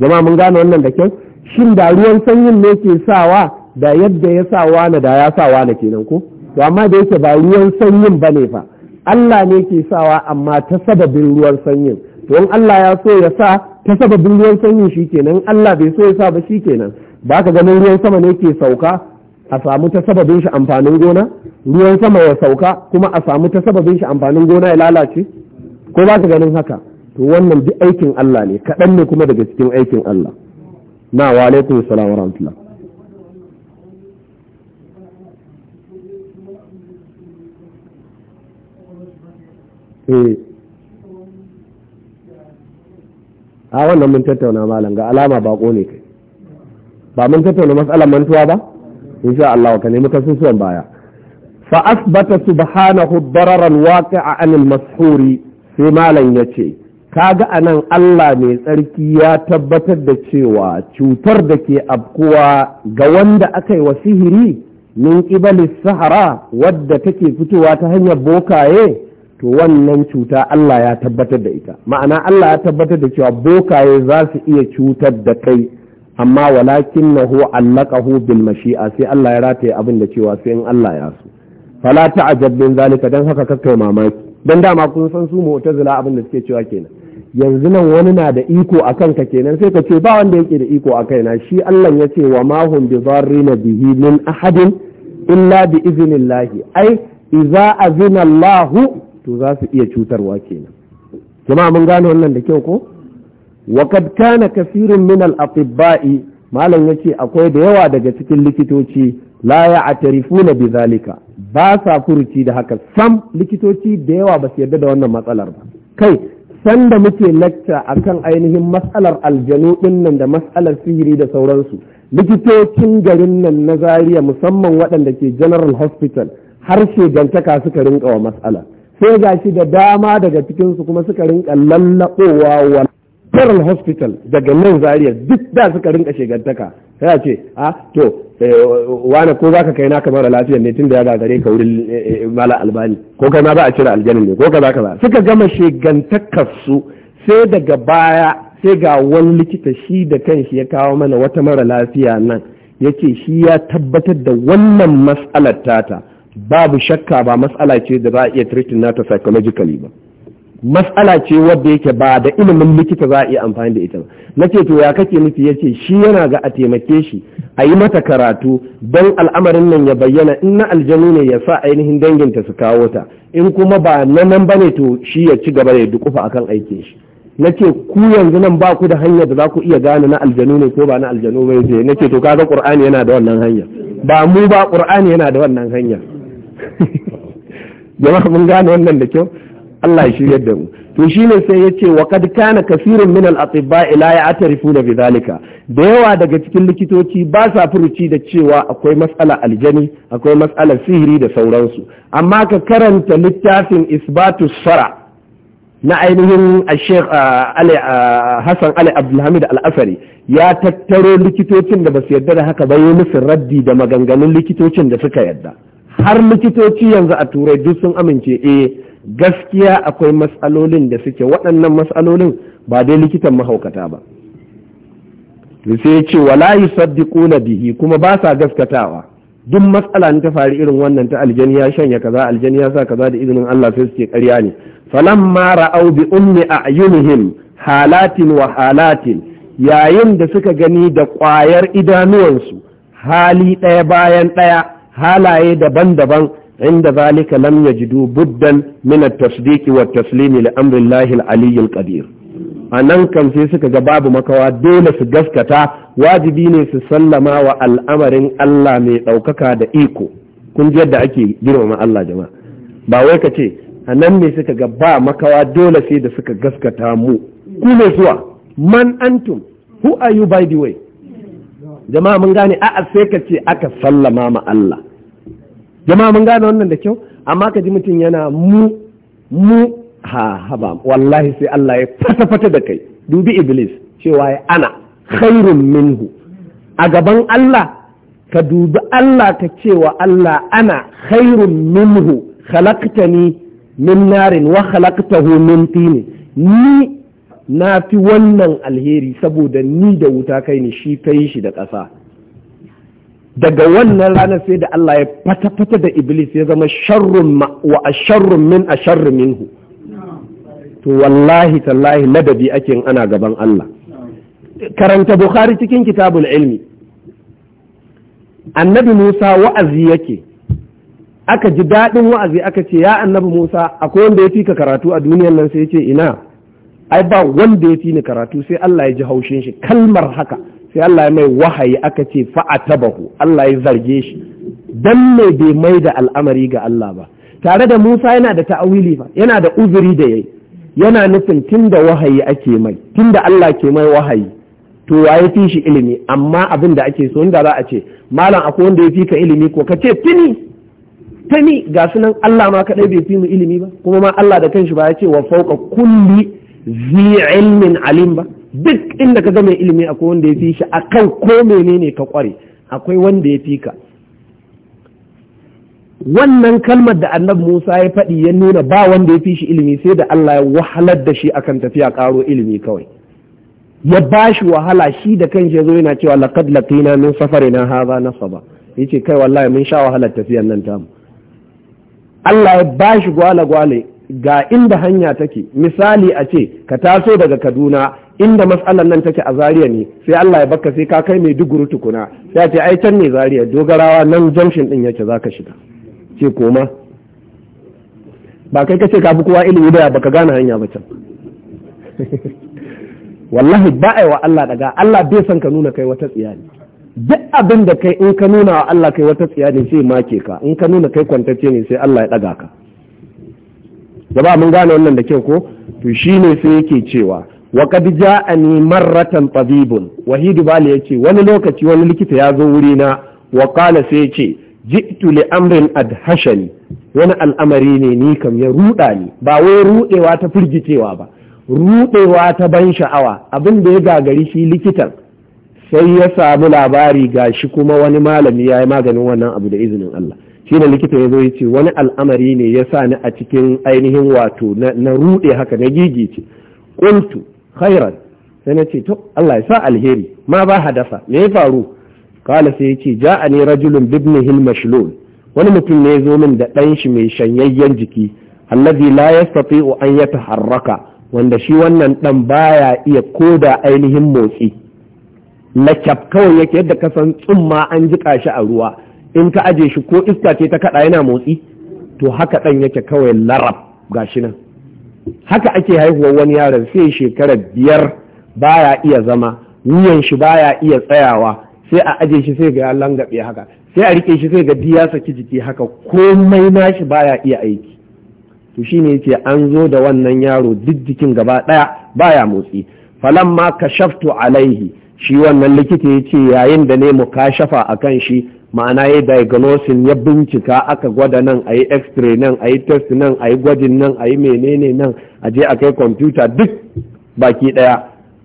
Zama mun gane wannan da kyau shin da ruwan sanyin ne ke sawa da yadda ya sa wani da ya sa wani kenan ko to amma da yake ba ruwan sanyin bane fa Allah ne ke sawa amma ta sababin ruwan sanyin to in Allah ya so ya sa ta sababin ruwan sanyin shikenan Allah bai so ya sa ba shikenan ba ka ganin ruwan sama ne ke sauka a samu ta sababin shi amfanin gona ruwan sama ya sauka kuma a samu ta sababin shi amfanin gona ya lalace ko ba ka ganin haka to wannan duk aikin Allah ne kaɗan ne kuma daga cikin aikin Allah na wa alaikum salam wa rahmatullah eh. a wannan mun tattauna malam ga alama bako ne kai ba mun tattauna matsalar mantuwa ba insha Allah ka nemi kasusuwan baya fa asbata subhanahu dararan waqi'a anil mashhuri sai malam yace kaga anan Allah mai tsarki ya tabbatar da cewa cutar da ke afkuwa ga wanda aka yi wa sihiri min ƙibalis sahara wadda take fitowa ta hanyar bokaye to wannan cuta Allah ya tabbatar da ita ma'ana Allah ya tabbatar da cewa bokaye za su iya cutar da kai amma walakin na hu allakahu bil mashi'a sai Allah ya rataye abin da cewa sai in Allah ya so fala ta'jab min zalika dan haka kai mamaki dan dama kun san su mu'tazila abin da suke cewa kenan yanzu nan wani na da iko a kanka kenan sai ka ce ba wanda yake da iko a na shi Allah ya ce wa ma hum bi dharrina bihi min ahadin illa bi iznillahi ai idza azina lahu to za su iya cutarwa kenan jama'a mun gane wannan da kyau ko wa kad kana kasirun min al atibba'i malam yace akwai da yawa daga cikin likitoci la a bi zalika ba sa furuci da haka sam likitoci da yawa ba su yarda da wannan matsalar ba kai sanda muke lacca akan ainihin matsalar aljanu din nan da matsalar sihiri da sauransu likitocin garin nan na zaria musamman waɗanda ke general hospital har gantaka suka rinka wa matsala sai gashi da dama daga cikinsu kuma suka rinka lallaɓowa wa general hospital daga nan zaria duk da suka rinka shegantaka sai a ce a ah, to eh, wane ko za ka kai naka mara lafiyar ne tun da ya gagare ka wurin eh, eh, mala albani ko kai ma ba a cire aljanin ne ko ka za ka ba suka gama shegantakar su sai daga baya sai ga wani likita shi da kan shi ya kawo mana wata mara lafiya nan ya ce shi ya tabbatar da wannan mas'alar tata babu shakka ba matsala ce da za a iya treating nata psychologically ba mas'ala ce wadda yake ba da ilimin likita za a iya amfani da ita ba na ce to ya kake nufi ya ce shi yana ga a taimake shi a yi mata karatu don al'amarin nan ya bayyana in na aljanu ne ya sa ainihin danginta su kawo ta in kuma ba na nan ba ne to shi ya ci gaba da ya dukufa kan aikin shi na ce ku yanzu nan ba ku da hanyar da za ku iya gane na aljanu ne ko ba na aljanu ba ne na ce to kaga qur'ani yana da wannan hanya ba mu ba qur'ani yana da wannan hanya (laughs) jama'a mun gane wannan da kyau Allah ya shirya da mu to shine sai ya ce wa kana kasirun min al atibba'i la ya'tarifuna bi zalika da yawa daga cikin likitoci ba sa furuci da cewa akwai matsala aljani akwai matsalar sihiri da sauransu amma ka karanta littafin isbatu sara na ainihin uh, Sheikh uh, uh, Hassan Ali Abdulhamid Al-Asari ya tattaro likitocin da ba su yarda da haka ba yi musu raddi da maganganun likitocin da suka yarda har likitoci yanzu a turai duk sun amince eh gaskiya akwai matsalolin da suke waɗannan matsalolin ba dai likitan mahaukata ba sai ce wala ƙuna bihi kuma ba sa gaskatawa duk matsala ta faru irin wannan ta aljani ya shanya kaza aljani ya sa kaza da izinin Allah sai suke karya ƙarya ne mara ra'au bi ummi a'yunihim halatin wa halatin yayin da suka gani da ƙwayar idanuwansu hali ɗaya bayan ɗaya halaye daban-daban inda zalika lam yajidu buddan min at-tasdiqi wa taslimi li amri Allah al anan kan sai suka ga babu makawa dole su gaskata wajibi ne su sallama wa al'amarin Allah mai ɗaukaka da iko kun ji yadda ake girmama Allah jama'a ba wai ka ce anan ne suka ga ba makawa dole sai da suka gaskata mu ku ne zuwa man antum who are you by the way jama'a mun gane a'a sai ka ce aka sallama ma Allah jama'a mun gane wannan da kyau amma ka ji mutum yana mu mu ha haba wallahi sai Allah ya fata fata da kai dubi iblis cewa ya ana khairun minhu a gaban Allah ka dubi Allah ka cewa Allah ana khairun minhu khalaqtani min narin wa khalaqtahu min tini ni na fi wannan alheri saboda ni da wuta kai ni shi kai shi da ƙasa daga wannan ranar sai da Allah ya fata-fata da Iblis ya zama sharrun wa a sharrun min a sharrun minhu to wallahi tallahi ladabi ake ana gaban Allah karanta Bukhari cikin kitabul ilmi annabi Musa wa'azi yake aka ji daɗin wa'azi aka ce ya annabi Musa akwai wanda ya fi ka karatu a duniyar nan sai ya ce ina ai ba wanda ya fi ni karatu sai Allah ya ji haushin shi kalmar haka sai Allah ya mai wahayi aka ce bahu Allah ya zarge shi dan mai bai mai da al'amari ga Allah ba tare da Musa yana da ta'awili ba yana da uzuri da yayi yana nufin tunda wahayi ake mai tunda Allah ke mai wahayi to wa ya fi shi ilimi amma abin da ake so inda za a ce malam akwai wanda ya fi ka ilimi ko ka ce tini tuni ga sunan Allah ma kadai bai fi mu ilimi ba kuma ma Allah da kanshi ba ya ce wa fauka kulli zi ilmin alim ba duk inda ka zama ilimi akwai wanda ya fi shi a akan ko menene ka kware akwai wanda ya fi ka wannan kalmar da annabi Musa ya faɗi ya nuna ba wanda ya fi shi ilimi sai da Allah ya wahalar da shi akan tafiya ƙaro ilimi kawai ya ba shi wahala shi da kan shi ya zo yana cewa laqad laqina min safarina hadha nasaba yace kai wallahi mun sha wahalar tafiyar nan tamu Allah ya ba shi gwale-gwale ga inda hanya take misali a ce ka taso daga Kaduna inda matsalar nan take a Zariya ne sai Allah ya baka sai ka kai mai duguru tukuna ya ce ai can ne Zariya dogarawa nan junction din yake zaka shiga ce koma ba kai kace ka fi kowa ilimi da baka gane hanya ba can (laughs) wallahi ba ai wa Allah daga Allah bai san ka nuna kai wata tsiya ne duk abin da kai in ka nuna wa Allah kai wata tsiya ne sai make ka in ka nuna kai kwantacce ne sai Allah ya daga ka ba mun gane wannan da kyau ko to shine sai yake cewa wa qad ja'ani marratan tabibun wahid bali yace wani lokaci wani likita ya zo wuri na wa qala sai yace ji'tu li amrin adhashani wani al'amari ne ni kam ya ruda ni ba wai rudewa ta firgicewa ba rudewa ta ban sha'awa abin da ya gagari shi likitan sai ya samu labari gashi kuma wani malami ya yi maganin wannan abu da izinin Allah shi ne likita ya zo ya ce wani al'amari ne ya sa ni a cikin ainihin wato na rude haka na gigice kuntu khairan sai nace ce to Allah ya sa alheri ma ba hadasa me ya faru kala sai ya ce ja'ani rajulun bibnihi al-mashlul wani mutum ne zo min da ɗan shi mai shanyayyen jiki allazi la yastati'u an yataharraka wanda shi wannan ɗan baya iya koda ainihin motsi Na lakab kawai yake yadda ka san tsumma an jika shi a ruwa in ka aje shi ko iska ce ta kaɗa yana motsi to haka ɗan yake kawai larab gashi nan haka ake haihuwar wani yaron sai shekarar biyar baya iya zama wuyan shi baya iya tsayawa sai a aje shi sai ga ya langabe haka sai a rike shi sai ga ya saki jiki haka komai shi baya iya aiki to shine yace an zo da wannan yaro duk jikin gaba daya baya motsi "Falan falamma kashaftu alaihi shi wannan likita yace yayin da ne mu kashafa akan shi ma'ana ya diagnosis ya bincika aka gwada nan a yi x-ray nan a yi test nan a yi gwajin nan a yi menene nan a je a kai kwamfuta duk baki daya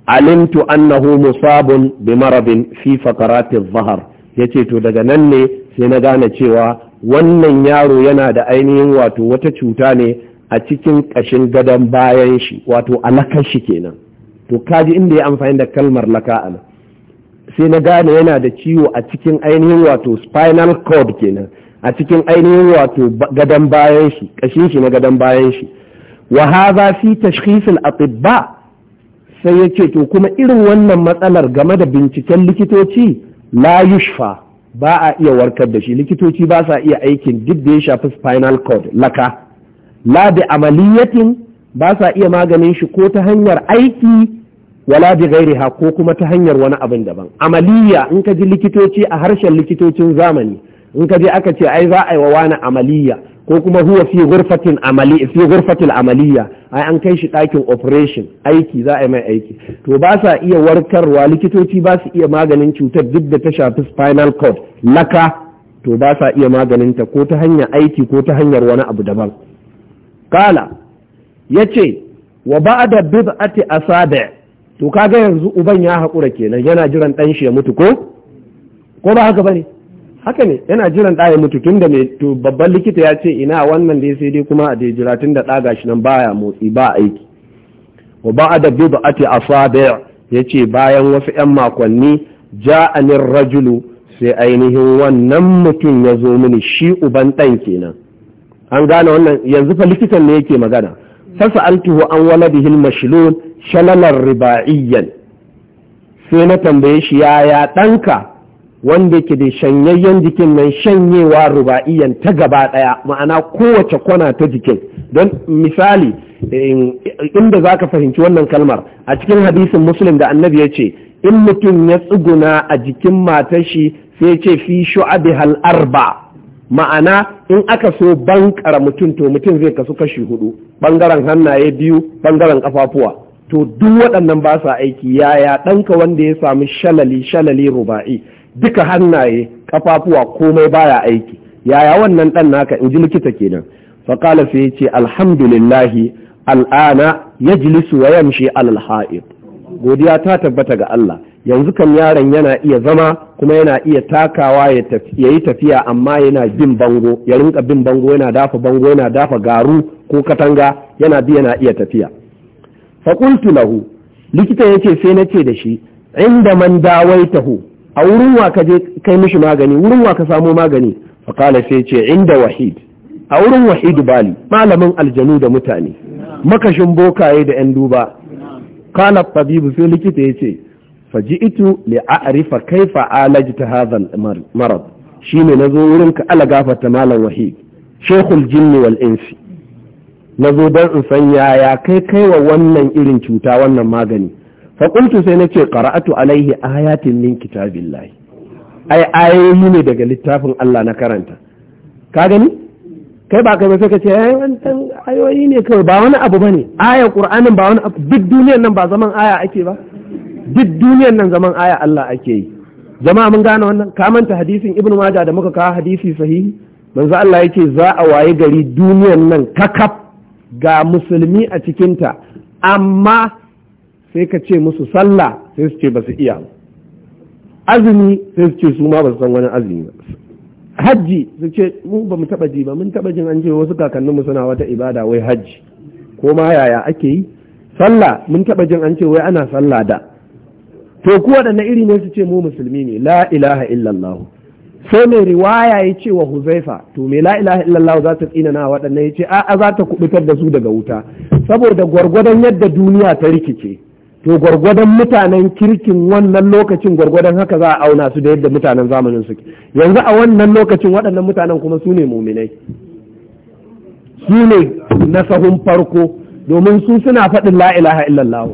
alimtu annahu musabun bi marabin fi fakaratin zahar ya ce to daga nan ne sai na gane cewa wannan yaro yana da ainihin wato wata cuta ne a cikin ƙashin gadon bayan shi wato a shi kenan to kaji inda ya amfani da kalmar laka a sai na gane yana da ciwo a cikin ainihin wato spinal cord kenan a cikin ainihin wato gadon bayan shi kashin shi na gadon bayan shi wa hadha fi tashkhis atibba sai yace to kuma irin wannan matsalar game da binciken likitoci la yushfa ba a iya warkar da shi likitoci ba sa iya aikin duk da ya shafi spinal cord laka la bi amaliyatin ba sa iya maganin shi ko ta hanyar aiki wala bi ghairiha ko kuma ta hanyar wani abin daban amaliya in ka ji likitoci a harshen likitocin zamani in ka je aka ce ai za a yi wa wani amaliya ko kuma huwa fi ghurfatin amali fi ghurfatil amaliya ai an kai shi ɗakin operation aiki za a yi mai aiki to ba sa iya warkarwa likitoci ba su iya maganin cutar duk da ta shafi spinal cord laka to ba sa iya maganin ta ko ta hanyar aiki ko ta hanyar wani abu daban kala yace wa ba'da bid'ati asabi' to kaga yanzu uban ya haƙura kenan yana jiran ɗan shi ya mutu ko ko ba haka bane haka ne yana jiran ɗa ya mutu tunda mai to babban likita ya ce ina wannan dai sai dai kuma a dai jira tunda ɗaga gashi nan baya motsi ba aiki wa ba da bi ba ati ya yace bayan wasu 'yan makonni ja ja'anir rajulu sai ainihin wannan mutum ya zo mini shi uban ɗan kenan an gane wannan yanzu fa likitan ne yake magana fasa'altuhu an waladihi al-mashlul shalalar riba'iyyan sai na tambaye shi yaya ɗanka wanda ke da shanyayyen jikin nan shanyewa ruba'iyyan ta gaba ɗaya ma'ana kowace kwana ta jikin don misali inda za ka fahimci wannan kalmar a cikin hadisin muslim da annabi ya ce in mutum ya tsuguna a jikin matar shi sai ce fi shu'abi hal arba ma'ana in aka so bankara mutum to mutum zai kasu kashi hudu bangaren hannaye biyu bangaren kafafuwa to duk waɗannan ba sa aiki yaya ɗanka wanda ya sami shalali shalali ruba'i duka hannaye kafafuwa komai baya aiki yaya wannan ɗan naka in ji likita kenan faƙala sai ce alhamdulillahi al'ana ya jilisu wa yamshi alal godiya ta tabbata ga Allah yanzu kan yaron yana iya zama kuma yana iya takawa ya yi tafiya amma yana bin bango ya rinka bin bango yana dafa bango yana dafa garu ko katanga yana bi yana iya tafiya faƙultu lahu likita ya ce sai na ce da shi inda man dawaitahu a wurin wa ka je kai mishi magani wurin wa ka samo magani faƙala sai ce inda wahid a wurin wahid bali malamin aljanu da mutane makashin bokaye da 'yan duba kala tabibu sai likita ya ce faji'itu li'arifa kaifa alajta hadha al-marad shine nazo wurin ka ala gafarta malam wahid shaykhul jinn wal ins nazo dan in san yaya kai kai wa wannan irin cuta wannan magani fa qultu sai nace qara'atu alaihi ayatin min kitabillahi ai ayoyi ne daga littafin Allah na karanta ka gani kai ba kai ba sai ka ce ai wannan ayoyi ne kawai ba wani abu bane ayar qur'anin ba wani abu duk duniyar nan ba zaman aya ake ba duk duniyar nan zaman aya Allah ake yi jama'a mun gane wannan ka manta hadisin ibnu majah da muka kawo hadisi sahihi manzo Allah yake za a waye gari duniyar nan kakaf ga musulmi a cikinta amma sai ka ce musu sallah sai su ce ba su iya azumi sai su ce su ma ba su san wani azumi ba hajji su ce mu ba mu taba ji ba mun taba jin an ce wasu kakannin mu suna wata ibada wai hajji ko ma yaya ake yi sallah mun taba jin an ce wai ana sallah da to ku waɗanne iri ne su ce mu musulmi ne la ilaha illallah sai mai riwaya ya ce wa huzaifa to mai la ilaha illallah za ta tsina na waɗannan ya ce a'a za ta kubutar da su daga wuta saboda gwargwadon yadda duniya ta rikice to gwargwadon mutanen kirkin wannan lokacin gwargwadon haka za a auna su da yadda mutanen zamanin suke yanzu a wannan lokacin waɗannan mutanen kuma su ne muminai su ne na sahun farko domin su suna faɗin la ilaha illallah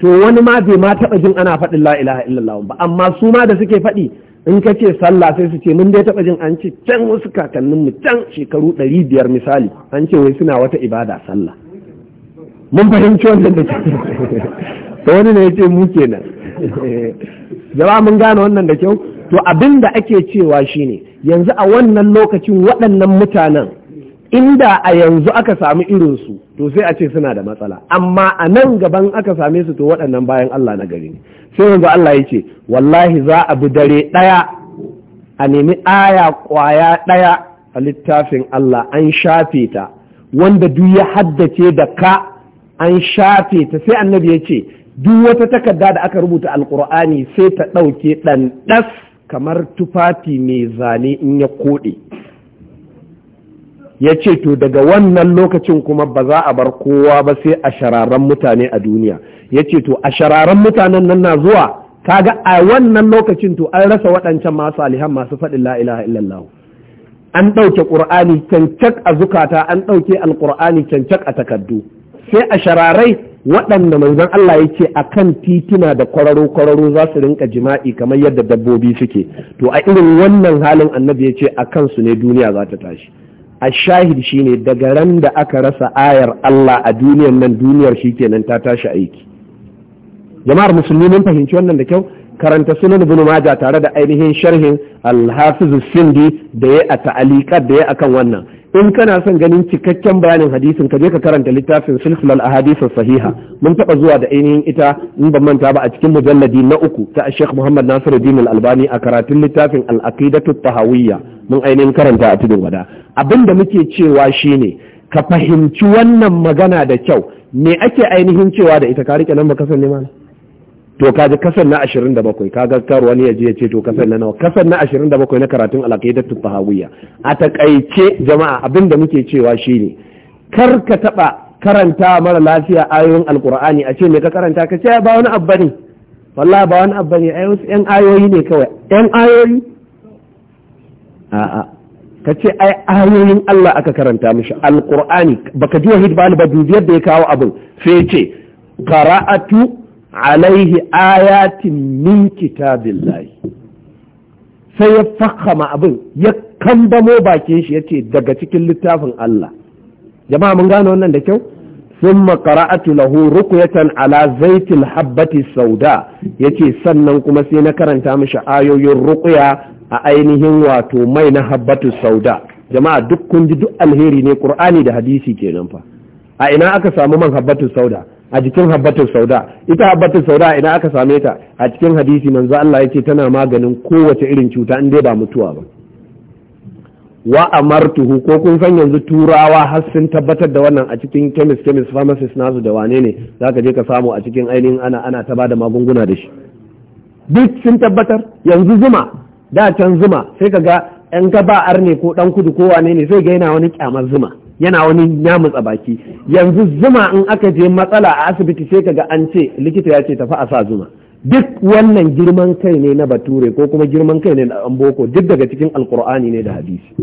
to wani ma bai ma taɓa jin ana faɗin la ilaha illallah ba amma su ma da suke faɗi in ka ce sallah sai su ce mun dai taɓa jin an ce can wasu kakannin mu can shekaru ɗari biyar misali an ce wai suna wata ibada sallah mun fahimci wannan da ke to wani ne ya ce mu kenan jama'a mun gane wannan da kyau to abin da ake cewa shine yanzu a wannan lokacin waɗannan mutanen inda a yanzu aka samu irinsu to sai a ce suna da matsala amma a nan gaban aka same su to waɗannan bayan Allah na gari ne sai yanzu Allah ya ce wallahi za a bi dare ɗaya a nemi aya ƙwaya ɗaya a littafin Allah an shafe ta wanda duk ya haddace da ka an shafe ta sai annabi ya ce duk wata takarda da aka rubuta alƙur'ani sai ta ɗauke ɗanɗas, kamar tufafi mai zane in ya koɗe ya ce to daga wannan lokacin kuma ba za a bar kowa ba sai a shararren mutane a duniya ya ce to a shararren mutanen nan na zuwa kaga a wannan lokacin to an rasa waɗancan masu alihan masu faɗin la ilaha illallah an ɗauke ƙur'ani cancak a zukata an ɗauke alƙur'ani cancak a takardu sai a shararai waɗanda manzon Allah ya ce a kan titina da kwararo-kwararo za su rinka jima'i kamar yadda dabbobi suke to a irin wannan halin annabi ya ce a kansu ne duniya za ta tashi a shahid ne daga ran da aka rasa ayar Allah a duniyar nan duniyar shi kenan ta tashi aiki jama'ar musulmi mun fahimci wannan da kyau karanta sunan ibn maja tare da ainihin sharhin Alhafi hafiz sindi da ya a ta'alika da ya akan wannan in kana son ganin cikakken bayanin hadisin ka je ka karanta littafin silsilar ahadisin sahiha mun taba zuwa da ainihin ita in ban manta ba a cikin mujalladi na uku ta Sheikh Muhammad Nasiruddin Al-Albani a karatun littafin Al-Aqidatu Tahawiyya mun ainihin karanta a tudun wada abinda muke cewa shine ka fahimci wannan magana da kyau me ake ainihin cewa da ita ka rike nan baka san malam to kaji kasan na 27 ga kar wani ya je ya ce to kasan na nawa kasan na 27 na karatun alaqidatu fahawiyya a takaice jama'a abinda muke cewa shine kar ka taba karanta mara lafiya ayoyin alqur'ani a ce me ka karanta ka ce ba wani abu bane wallahi ba wani abu bane ai wasu yan ayoyi ne kawai yan ayoyi a'a ka ce ai ayoyin Allah aka karanta mishi alqur'ani baka ji wahid ba ba dubiyar da ya kawo abin sai ya ce qara'atu عليه آيات من كتاب الله ya fakama abin ya kambamo bakin shi yace daga cikin littafin Allah jama'a mun gane wannan ثم قرأت له رقية على زيت الحبة السوداء يتي سنن كما سينا كرنتا مش آيو الرقية أينهم واتو مين حبة السوداء جماعة دك كنج الهيري ني قرآني ده حديثي كي ننفع أينا أكسا ممن حبة السوداء a jikin habbatul sauda ita habbatul sauda idan aka same ta a cikin hadisi manzo Allah yake tana maganin kowace irin cuta in dai ba mutuwa ba wa amartuhu ko kun san yanzu turawa har sun tabbatar da wannan a cikin chemist chemist pharmacist nasu da wane ne zaka je ka samu a cikin ainihin ana ana ta bada magunguna da shi duk sun tabbatar yanzu zuma da can zuma sai ka ga yan ka ba arne ko dan kudu ko wane ne sai ga yana wani kyamar zuma yana wani yamutsa baki yanzu zuma in aka je matsala a asibiti sai kaga an ce likita ya ce tafi a sa zuma duk wannan girman kai ne na bature ko kuma girman kai ne na an boko duk daga cikin alkur'ani ne da hadisi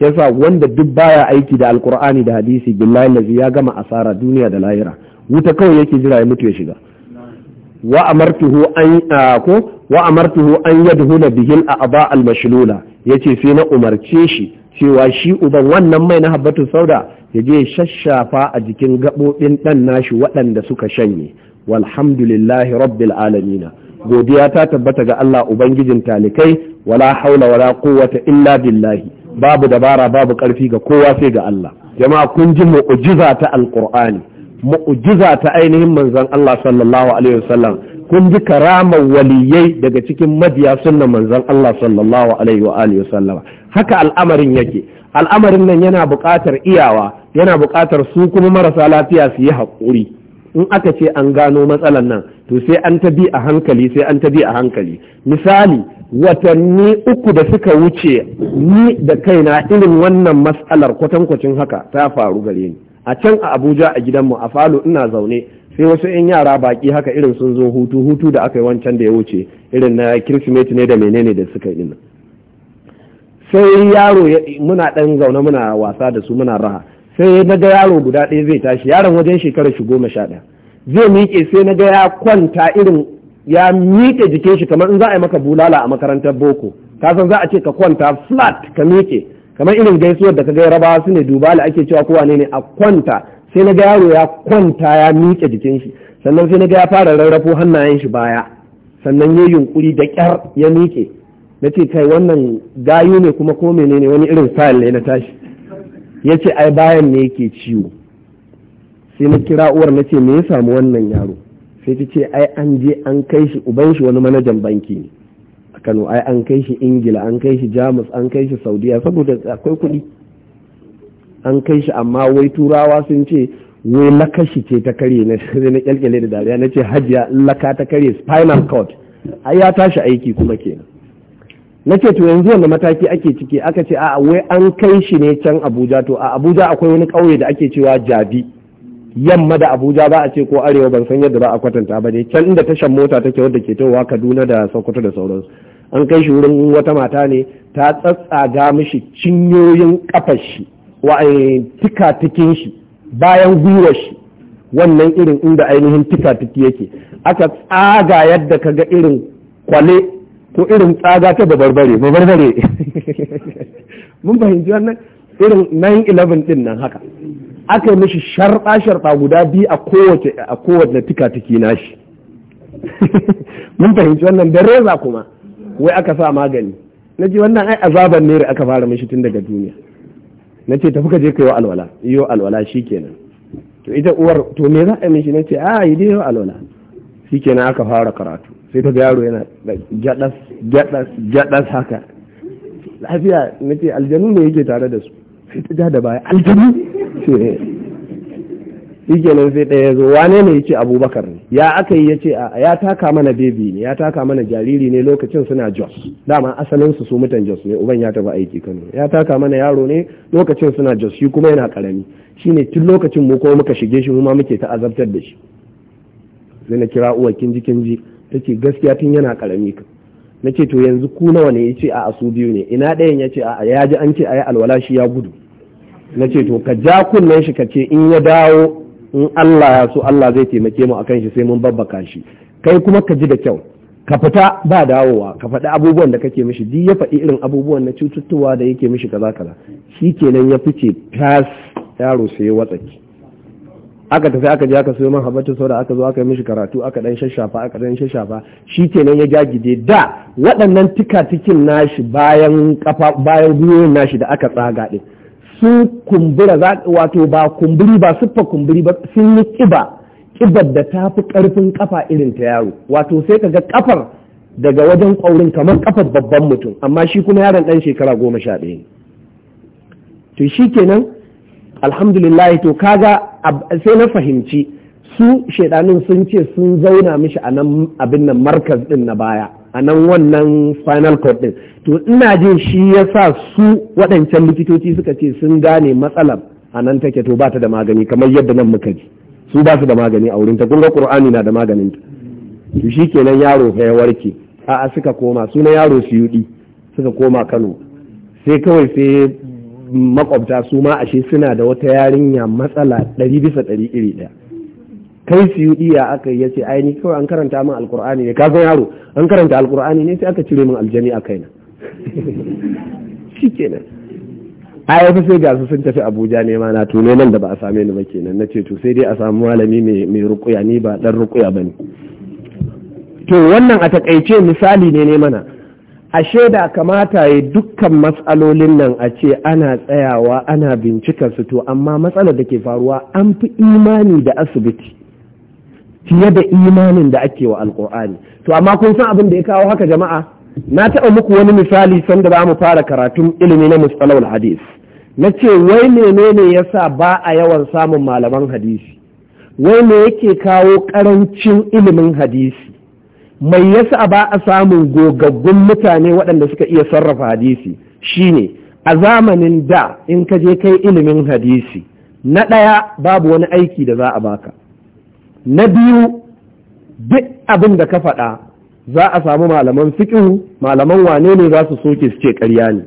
yasa wanda duk baya aiki da alkur'ani da hadisi billahi lazi ya gama asara duniya da lahira wuta kawai yake jira ya mutu ya shiga wa amartuhu an ko wa amartuhu an yadhuna bihil al-aba al-mashlula yace sai na umarce shi cewa shi uban wannan mai na habbatu sauda ya je shashafa a jikin gaɓoɓin ɗan nashi waɗanda suka shanye walhamdulillahi rabbil alamina godiya ta tabbata ga Allah ubangijin talikai wala haula wala quwwata illa billahi babu dabara babu karfi ga kowa sai ga Allah jama'a kun ji mu'jiza ta alqur'ani mu'jiza ta ainihin manzon Allah sallallahu alaihi wasallam kun ji karamar waliyai daga cikin mabiya sunnan manzon Allah sallallahu alaihi wa alihi wasallam haka al'amarin yake al'amarin nan yana buƙatar iyawa yana buƙatar su kuma marasa lafiya su yi haƙuri in aka ce an gano matsalan nan to sai an ta bi a hankali sai an ta bi a hankali misali watanni uku da suka wuce ni da kai na irin wannan matsalar kwatankwacin haka ta faru gare ni a can a abuja a gidanmu a falo ina zaune sai wasu 'yan yara baki haka irin sun zo hutu hutu da aka yi wancan da ya wuce irin na kirsimeti ne da menene da suka yi sai yaro muna ɗan zaune muna wasa da su muna raha sai na ga yaro guda ɗaya zai tashi yaron wajen shekarar shi goma sha ɗaya zai miƙe sai na ga ya kwanta irin ya miƙe jikin shi kamar in za a yi maka bulala a makarantar boko ka san za a ce ka kwanta flat ka miƙe kamar irin gaisuwar da ka ga rabawa su ne dubala ake cewa kowa ne a kwanta sai na ga yaro ya kwanta ya miƙe jikin shi sannan sai na ga ya fara rarrafo hannayen shi baya sannan ya yunkuri da kyar ya miƙe na ce kai wannan gayu ne kuma ko menene wani irin sa'il ne na tashi ya ce ai bayan ne yake ciwo sai na kira uwar na ce me ya samu wannan yaro sai ta ce ai an je an kai shi uban shi wani manajan banki ne a kano ai an kai shi ingila an kai shi jamus an kai shi saudiya saboda akwai kuɗi an kai shi amma wai turawa sun ce wai lakashi ce ta karye na (laughs) sai na kyalkyale da dariya na ce hajiya laka ta karye spinal cord ai ya tashi aiki kuma kenan na ce to yanzu wanda mataki ake ciki aka ce a wai an kai shi ne can abuja to a abuja akwai wani ƙauye da ake cewa jabi yamma da abuja ba a ce ko arewa ban san yadda ba a kwatanta ba ne can inda tashan mota take wadda ke towa kaduna da sokoto da sauransu an kai shi wurin wata mata ne ta tsatsaga mishi cinyoyin kafar shi wa eh, tikatikin shi bayan gwiwar shi wannan irin inda ainihin tikatiki yake aka tsaga yadda kaga irin kwale ko irin tsaga ta da barbare barbare mun fahimci wannan irin 9-11 din nan haka aka yi mishi sharɓa-sharɓa guda biyu a kowace a kowace tika-tiki nashi mun fahimci wannan da reza kuma wai aka sa magani na ji wannan ai azaban ne aka fara mishi tun daga duniya na ce tafi ka je ka yi alwala yi alwala shi kenan to ita uwar to me za a yi mishi na ce a ah, yi dai alwala kenan aka fara karatu sai ta yaro yana gyadas gyadas gyadas haka lafiya na ce aljanu ne yake tare da su sai ta ja da baya aljanu (laughs) kenan sai ɗaya zo wane ne yace abubakar ne ya aka yi ya ce ya taka mana bebi ne ya taka mana jariri ne lokacin suna jos dama asalin su su mutan jos ne uban ya tafi aiki kano ya taka mana yaro ne lokacin suna jos shi kuma yana karami shine tun lokacin mu ko muka shige shi mu ma muke ta azabtar da shi sai na kira uwa Kinji Kinji ta gaskiya tun yana karami ka ce to yanzu ku nawa ne yace a su biyu ne ina ɗayan yace a ya ji an ce ayi alwala shi ya gudu ce to ka ja kunnen shi ka ce in ya dawo in Allah ya so Allah zai taimake mu akan shi sai mun babbaka shi kai kuma ka ji da kyau ka fita ba dawowa ka faɗi abubuwan da kake mishi duk ya faɗi irin abubuwan na cututtuwa da yake mishi kaza kaza kenan ya fice tas yaro sai ya watsaki. aka tafi aka je aka sayo man habatu saboda aka zo aka yi mishi karatu aka dan shashafa aka dan shashafa shi kenan ya jagide da waɗannan tikatikin nashi bayan kafa bayan gwiwoyin nashi da aka tsaga din sun kumbura wato ba kumburi ba suffa kumburi ba sun yi kiba kibar da ta fi karfin kafa irin ta yaro wato sai ka ga kafar daga wajen ƙaurin kamar kafar babban mutum amma shi kuma yaron dan shekara goma sha ɗaya to shi kenan alhamdulillah to kaga sai na fahimci su shaidanin sun ce sun zauna mishi a nan abin nan markaz din na baya a nan wannan final court din to ina jin shi ya sa su waɗancan likitoci suka ce sun gane matsalar a nan take to ba ta da magani kamar yadda nan muka ji su ba su da magani a wurin kun ga qur'ani na da maganin ta to shikenan yaro ya warke a'a suka koma na yaro su yudi suka koma Kano sai kawai sai makwabta su ma ashe suna da wata yarinya matsala ɗari bisa ɗari iri ɗaya kai su yi aka yi yace ai ni kawai an karanta min alkur'ani ne ka yaro an karanta alkur'ani ne sai aka cire min aljani a kaina (laughs) shikenan ai fa sai ga sun tafi Abuja ne ma na tuno nan da ba a same ni ba kenan na ce to sai dai a samu malami mai mai ni ba dan rukuya bane to wannan a takaice misali ne ne mana ashe da kamata ya dukkan matsalolin nan a ce ana tsayawa ana bincika su to amma matsalar da ke faruwa an fi imani da asibiti fiye da imanin da ake wa alkur'ani to amma kun san abin da ya kawo haka jama'a na taɓa muku wani misali sanda ba mu fara karatun ilimi na mustalawul hadis na ce wai menene yasa ba a yawan samun malaman hadisi wai me yake kawo ƙarancin ilimin hadisi mai yasa ba a samun gogaggun mutane waɗanda suka iya sarrafa hadisi shine a zamanin da in ka je kai ilimin hadisi na ɗaya babu wani aiki da za a baka na biyu duk abin da ka faɗa za a samu malaman fiƙihu malaman wane ne za su soke su ce ƙarya ne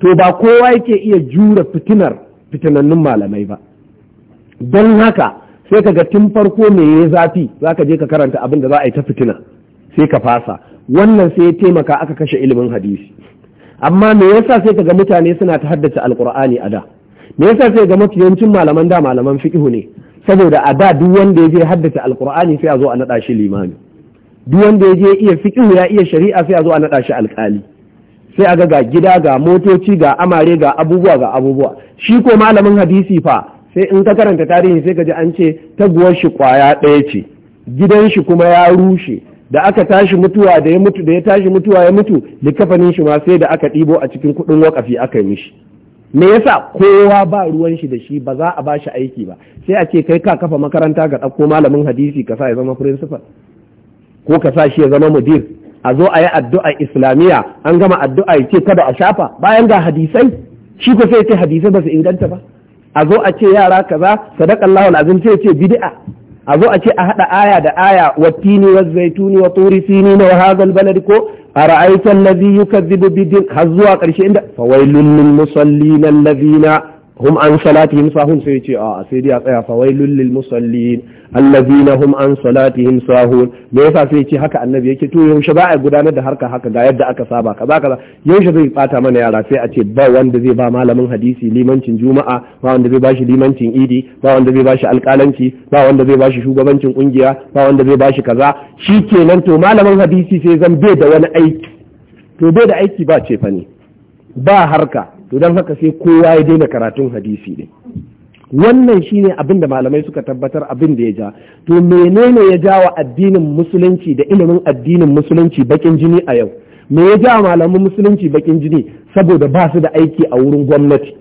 to ba kowa yake iya jura fitinar fitinannun malamai ba don haka sai ka ga tun farko me ya zafi za ka je ka karanta abin da za a yi ta fitina sai ka fasa wannan sai ya taimaka aka kashe ilimin hadisi amma me yasa sai ka ga mutane suna ta haddace alqur'ani a da me yasa sai ga mafiyancin malaman da malaman fiqhu ne saboda a da duk wanda ya je haddace alqur'ani sai a zo a nada shi limami duk wanda ya iya fiqhu ya iya shari'a sai a zo a nada shi alƙali sai a ga ga gida ga motoci ga amare ga abubuwa ga abubuwa shi ko malamin hadisi fa sai in ka karanta tarihi sai ka ji an ce taguwar shi kwaya ɗaya ce gidan shi kuma ya rushe da aka tashi mutuwa da ya mutu da ya tashi mutuwa ya mutu likafanin shi ma sai da aka ɗibo a cikin kuɗin wakafi aka yi mishi me yasa kowa ba ruwan shi da shi ba za a bashi aiki ba sai a ce kai ka kafa makaranta ga ɗauko malamin hadisi ka sa ya zama principal ko ka sa shi ya zama mudir a zo a yi addu'a islamiyya an gama addu'a ya ce kada a shafa bayan ga hadisai shi ko sai ya ce hadisai ba su inganta ba a zo a ce yara kaza sadaqallahu alazim sai ya ce bid'a a zo a ce a haɗa aya da aya wa tini wa zaituni wa turi sini na hazal balad ko a ra'aita allazi yukazzibu bidin har zuwa ƙarshe inda fawailun lil musallin allazina hum an salatihim sahun sai ce a sai dai a tsaya fawailun lil musallin na hum an salatihim sahun me yasa sai ce haka annabi yake to yaushe ba a gudanar da harka haka ga yadda aka saba kaza kaza yaushe zai bata mana yara sai a ce ba wanda zai ba malamin hadisi limancin juma'a ba wanda zai bashi limancin idi ba wanda zai bashi alƙalanci ba wanda zai bashi shugabancin kungiya ba wanda zai bashi kaza shikenan to malamin hadisi sai zan bai da wani aiki to bai da aiki ba ce fa ne ba harka to dan haka sai kowa ya daina karatun hadisi ne wannan shine abin da malamai suka tabbatar abin da ya ja to menene ya ja wa addinin musulunci da ilimin addinin musulunci bakin jini a yau me ya ja malaman musulunci bakin jini saboda ba su da aiki a wurin gwamnati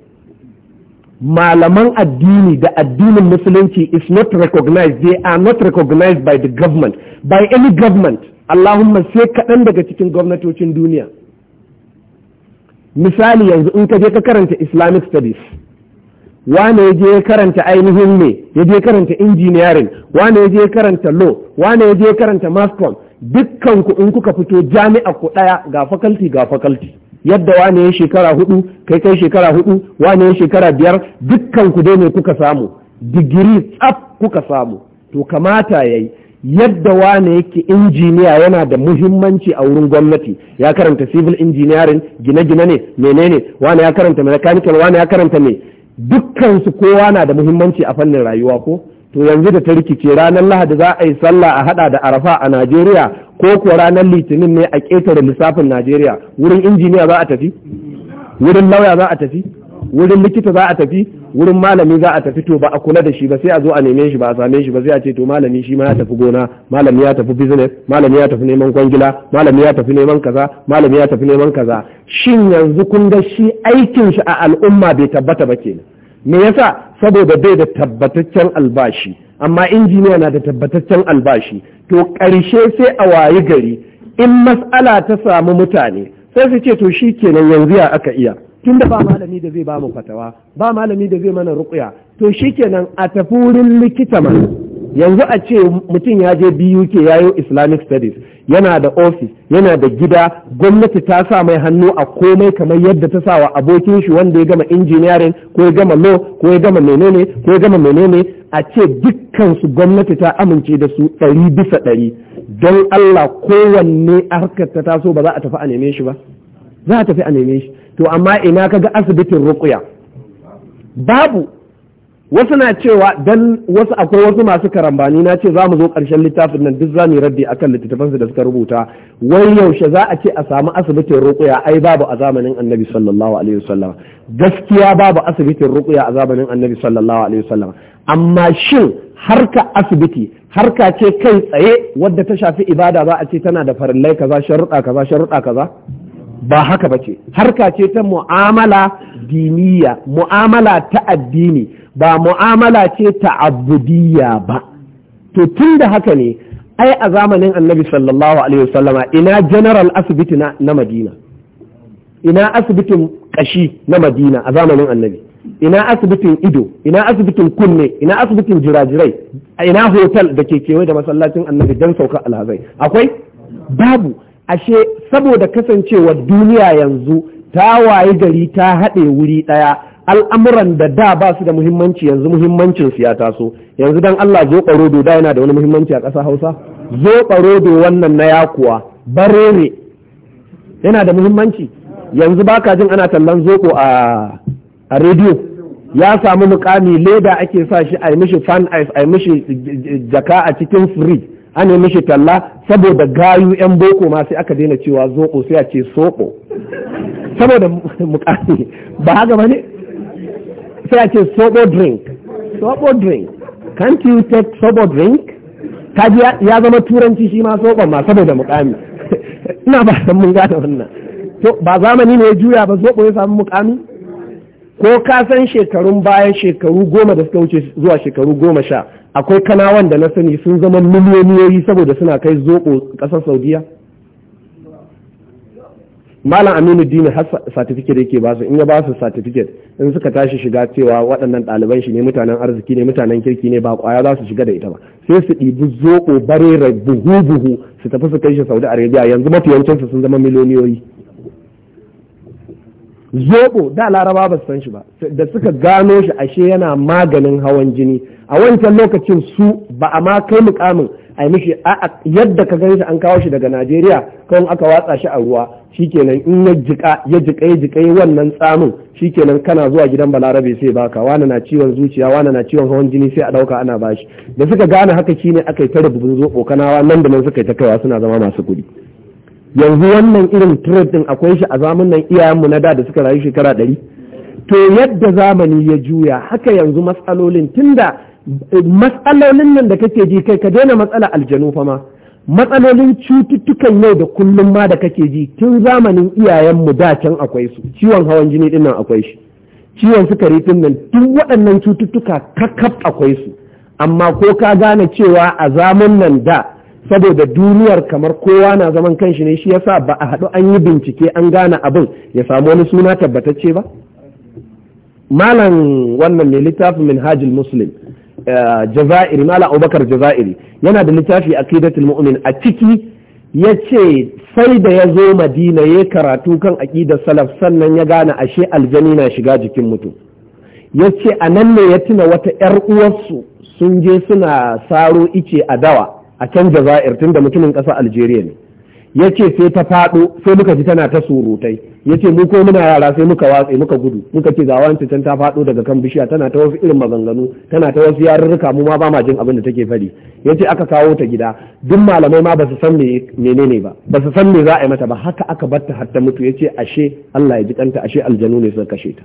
malaman addini da addinin musulunci is not recognized they are not recognized by the government by any government Allahumma sai kaɗan daga cikin gwamnatocin duniya misali yanzu in ka je ka karanta islamic studies wane ya je karanta ainihin ne ya je karanta engineering wane ya je karanta Lo wane ya je karanta mascom dukkan ku in kuka fito jami'a ku daya ga fakalti ga faculty yadda wane ya shekara hudu kai kai shekara hudu wane ya shekara biyar dukkan ku dai ne kuka samu digiri tsaf kuka samu to kamata yayi yadda wane yake injiniya yana da muhimmanci a wurin gwamnati ya karanta civil engineering gine-gine ne menene wane ya karanta mechanical wane ya karanta me dukkansu kowa na da muhimmanci a fannin rayuwa ko to yanzu da ta rikice ranar lahadi za a yi sallah a hada da arafa a najeriya ko kuwa ranar litinin ne a ƙetare lissafin najeriya wurin injiniya za a tafi wurin lauya za a tafi wurin likita za a tafi wurin malami za a tafi to ba a kula da shi ba sai a zo a neme shi ba a same shi ba sai a ce to malami shi ma ya tafi gona malami ya tafi business malami ya tafi neman kwangila malami ya tafi neman kaza malami ya tafi neman kaza shin yanzu kun ga shi aikin shi a al'umma bai tabbata ba kenan me yasa saboda bai da tabbataccen albashi amma injiniya na da tabbataccen albashi to karshe sai a wayi gari in mas'ala ta samu mutane sai su ce to shi kenan yanzu ya aka iya Tunda ba malami da zai ba mu fatawa ba malami da zai mana rukuya, to shikenan a tafi wurin likita man, yanzu a ce mutum ya je BUK yayi Islamic Studies yana da ofis yana da gida gwamnati ta sa mai hannu a komai kamar yadda ta sa wa abokin shi wanda ya gama engineering ko ya gama law ko ya gama menene ko ya gama menene a ce dukkan su gwamnati ta amince da su ɗari bisa ɗari don Allah kowanne harkar ta taso ba za a tafi a neme shi ba za a tafi a neme shi to amma ina kaga asibitin rukuya babu wasu na cewa dan wasu akwai wasu masu karambani na ce za mu zo ƙarshen littafin nan duk za mu raddi akan littattafansu da suka rubuta wai yaushe za a ce a samu asibitin rukuya ai babu a zamanin annabi sallallahu alaihi wasallam gaskiya babu asibitin ruqya a zamanin annabi sallallahu alaihi wasallam amma shin harka asibiti harka ce kai tsaye wadda ta shafi ibada za a ce tana da farillai kaza sharuɗa kaza sharuɗa kaza ba haka ba ce harka ce ta mu'amala diniya mu'amala ta addini ba mu'amala ce ta abudiyya ba to tun da haka ne ai a zamanin annabi sallallahu alaihi wasallama ina general asibiti na, na madina ina asibitin kashi na madina a zamanin annabi ina asibitin ido ina asibitin kunne ina asibitin jirajirai ina hotel da ke kewaye da masallacin annabi don sauka alhazai akwai babu ashe saboda kasancewa duniya yanzu ta waye gari ta haɗe wuri ɗaya al'amuran da da ba su da muhimmanci yanzu muhimmancin su ya taso yanzu dan Allah zo do da yana da wani muhimmanci a ƙasa Hausa zo do wannan na yakuwa barere yana da muhimmanci yanzu baka jin ana tallan zoko a a rediyo ya samu mukami leda ake sa shi a mishi fan ice a mishi jaka a cikin firij. a nemi mishi talla saboda gayu yan boko ma sai aka daina cewa zoɓo sai a ce soɓo saboda mukami ba haka ba ne sai a ce soɓo drink soɓo drink can't you take soɓo drink ji ya zama turanci shi ma soɓon ma saboda mukami (laughs) ina ba san mun gane wannan to ba zamani ne ya juya ba zoɓo ya samu mukami ko ka san shekarun baya shekaru goma da suka wuce zuwa shekaru goma sha akwai kanawan da na sani sun zama miliyoniyoyi saboda suna kai zoɓo ƙasar saudiya malam aminu dini har satifiket yake ba su in ya ba su satifiket in suka tashi shiga cewa waɗannan ɗaliban shi ne mutanen arziki ne mutanen kirki ne ba kwaya za su shiga da ita ba sai su ɗibi zoɓo barera buhu buhu su tafi su kai shi saudi arabia yanzu mafiyancinsu sun zama miliyoniyoyi zobo da laraba ba san shi ba da suka gano shi ashe yana maganin hawan jini a wancan lokacin su ba a ma kai mukamin a mishi yadda ka gan shi an kawo shi daga najeriya kawai aka watsa shi a ruwa shikenan in ya jika ya jika ya jika ya wannan tsamin shikenan kana zuwa gidan balarabe sai baka wani na ciwon zuciya wani na ciwon hawan jini sai a dauka ana bashi da suka gane haka shine aka yi ta rububin zobo kanawa nan da nan suka yi ta kaiwa suna zama masu kuɗi yanzu wannan irin trade din akwai shi a zamanin iyayenmu na da da suka rayu shekara ɗari to yadda zamani ya juya haka yanzu matsalolin tunda eh, matsalolin nan da kake ji kai ka daina matsala aljanu fa ma matsalolin cututtukan yau da kullum ma da kake ji tun zamanin iyayenmu da can akwai su ciwon hawan jini din nan akwai shi ciwon sukari din nan tun waɗannan cututtuka kakaf akwai su amma ko ka gane cewa a zamanin nan da saboda duniyar kamar kowa na zaman kanshi ne shi yasa ba a haɗu an yi bincike an gane abin ya samu wani suna tabbatacce ba malam wannan mai littafin hajjil muslim eh, jazairi malam abubakar jazairi yana da littafi a kidatul mu'min a ciki ya ce sai da ya zo madina ya karatu kan aƙidar salaf sannan ya gane ashe aljani na shiga jikin mutum ya ce a nan ne ya tuna wata 'yar uwarsu sun je suna saro ice a dawa a can Jazair da mutumin ƙasa Algeria ne Ya ce sai ta faɗo sai muka ji tana ta surutai Ya ce mu ko muna yara sai muka watse muka gudu muka ce ga wanci can ta faɗo daga kan bishiya tana ta wasu irin maganganu tana ta wasu yarurruka mu ma ba ma jin abin da take fari ce aka kawo ta gida duk malamai ma ba su san menene ba ba su san me za a yi mata ba haka aka batta har ta mutu ce ashe Allah ya ji kanta ashe aljanu ne suka kashe ta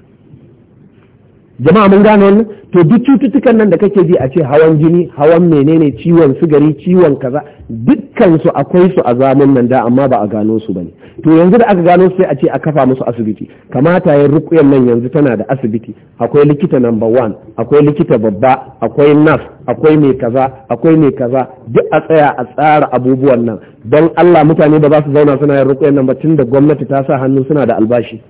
jama'a mun gane wannan to duk cututtukan nan da kake ji a ce hawan jini hawan menene ciwon sigari ciwon kaza dukkan su akwai su a zamun nan da amma ba a gano su bane to yanzu da aka gano su sai a ce a kafa musu asibiti kamata ya rukuyan nan yanzu tana da asibiti akwai likita number one akwai likita babba akwai nas akwai mai kaza akwai mai kaza duk a tsaya a tsara abubuwan nan don Allah mutane ba za su zauna suna yin rukuyan nan ba tunda gwamnati ta sa hannu suna da albashi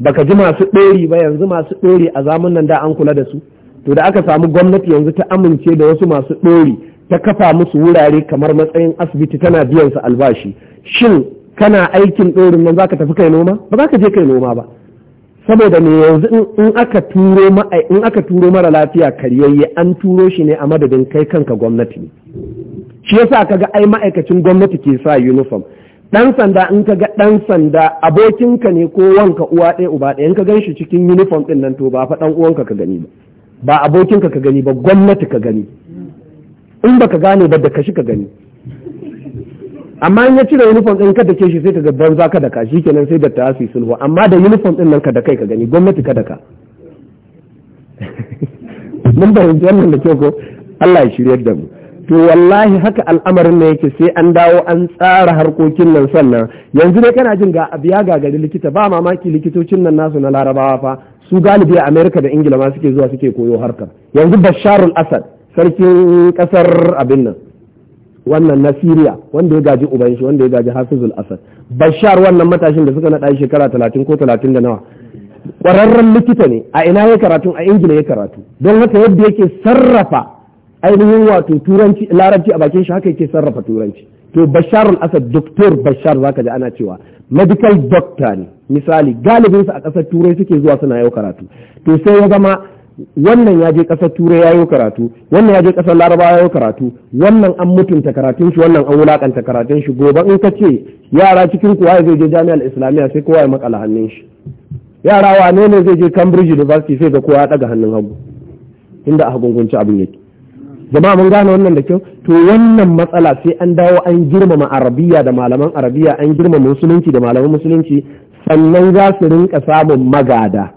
baka ji masu ɗori ba yanzu masu ɗori a nan da an kula da su to da aka samu gwamnati yanzu ta amince da wasu masu ɗori ta kafa musu wurare kamar matsayin asibiti tana biyan su albashi shin kana aikin ɗorin nan zaka tafi kai noma ba za ka je kai noma ba saboda me yanzu in aka turo in aka turo mara lafiya karyayye an turo shi ne a madadin kai kanka gwamnati shi yasa kaga ai ma'aikacin gwamnati ke sa uniform ɗan sanda in ka ga ɗan sanda abokinka ne ko wanka uwa ɗaya uba ɗaya in ka gan shi cikin uniform ɗin nan to ba fa ɗan uwanka ka gani ba ba abokinka ka gani ba gwamnati ka gani in ba ka gane ba da kashi ka gani amma in ya cire uniform ɗin ka ke shi sai ka ga banza ka ka, shi kenan sai da ta su sulhu amma da uniform ɗin nan ka da kai ka gani gwamnati ka daka (laughs) mun fahimci wannan da kyau ko Allah ya shiryar da mu to wallahi haka al'amarin na yake sai an dawo an tsara harkokin nan sannan yanzu dai kana jin ga abiya ga gagari likita ba mamaki likitocin nan nasu na larabawa fa su galibi a amerika da ingila ma suke zuwa suke koyo harkar yanzu basharul asad sarkin kasar abin nan wannan na Siriya wanda ya gaji uban shi wanda ya gaji Hafizul Asad Bashar wannan matashin da suka naɗa shekara talatin ko talatin da nawa ƙwararren likita ne a ina ya karatu a Ingila ya karatu don haka yadda yake sarrafa ainihin wato turanci larabci a bakin shi haka yake sarrafa turanci to Basharul al-asad doktor bashar zaka ji ana cewa medical doctor ne misali galibin sa a kasar turai suke zuwa suna yau karatu to sai ya zama wannan ya je turai ya yau karatu wannan ya je laraba ya yau karatu wannan an mutunta karatun shi wannan an wulakanta karatun shi gobe in ka ce yara cikin kowa zai je jami'ar islamiyya sai kowa ya makala hannun shi yara wane ne zai je cambridge university sai ga kowa ya daga hannun hagu inda a hagungunci abin yake jama'a mun gane wannan da kyau to wannan matsala sai an dawo an girmama arabiya da malaman arabiya an girmama musulunci da malaman musulunci sannan za su rinka samun magada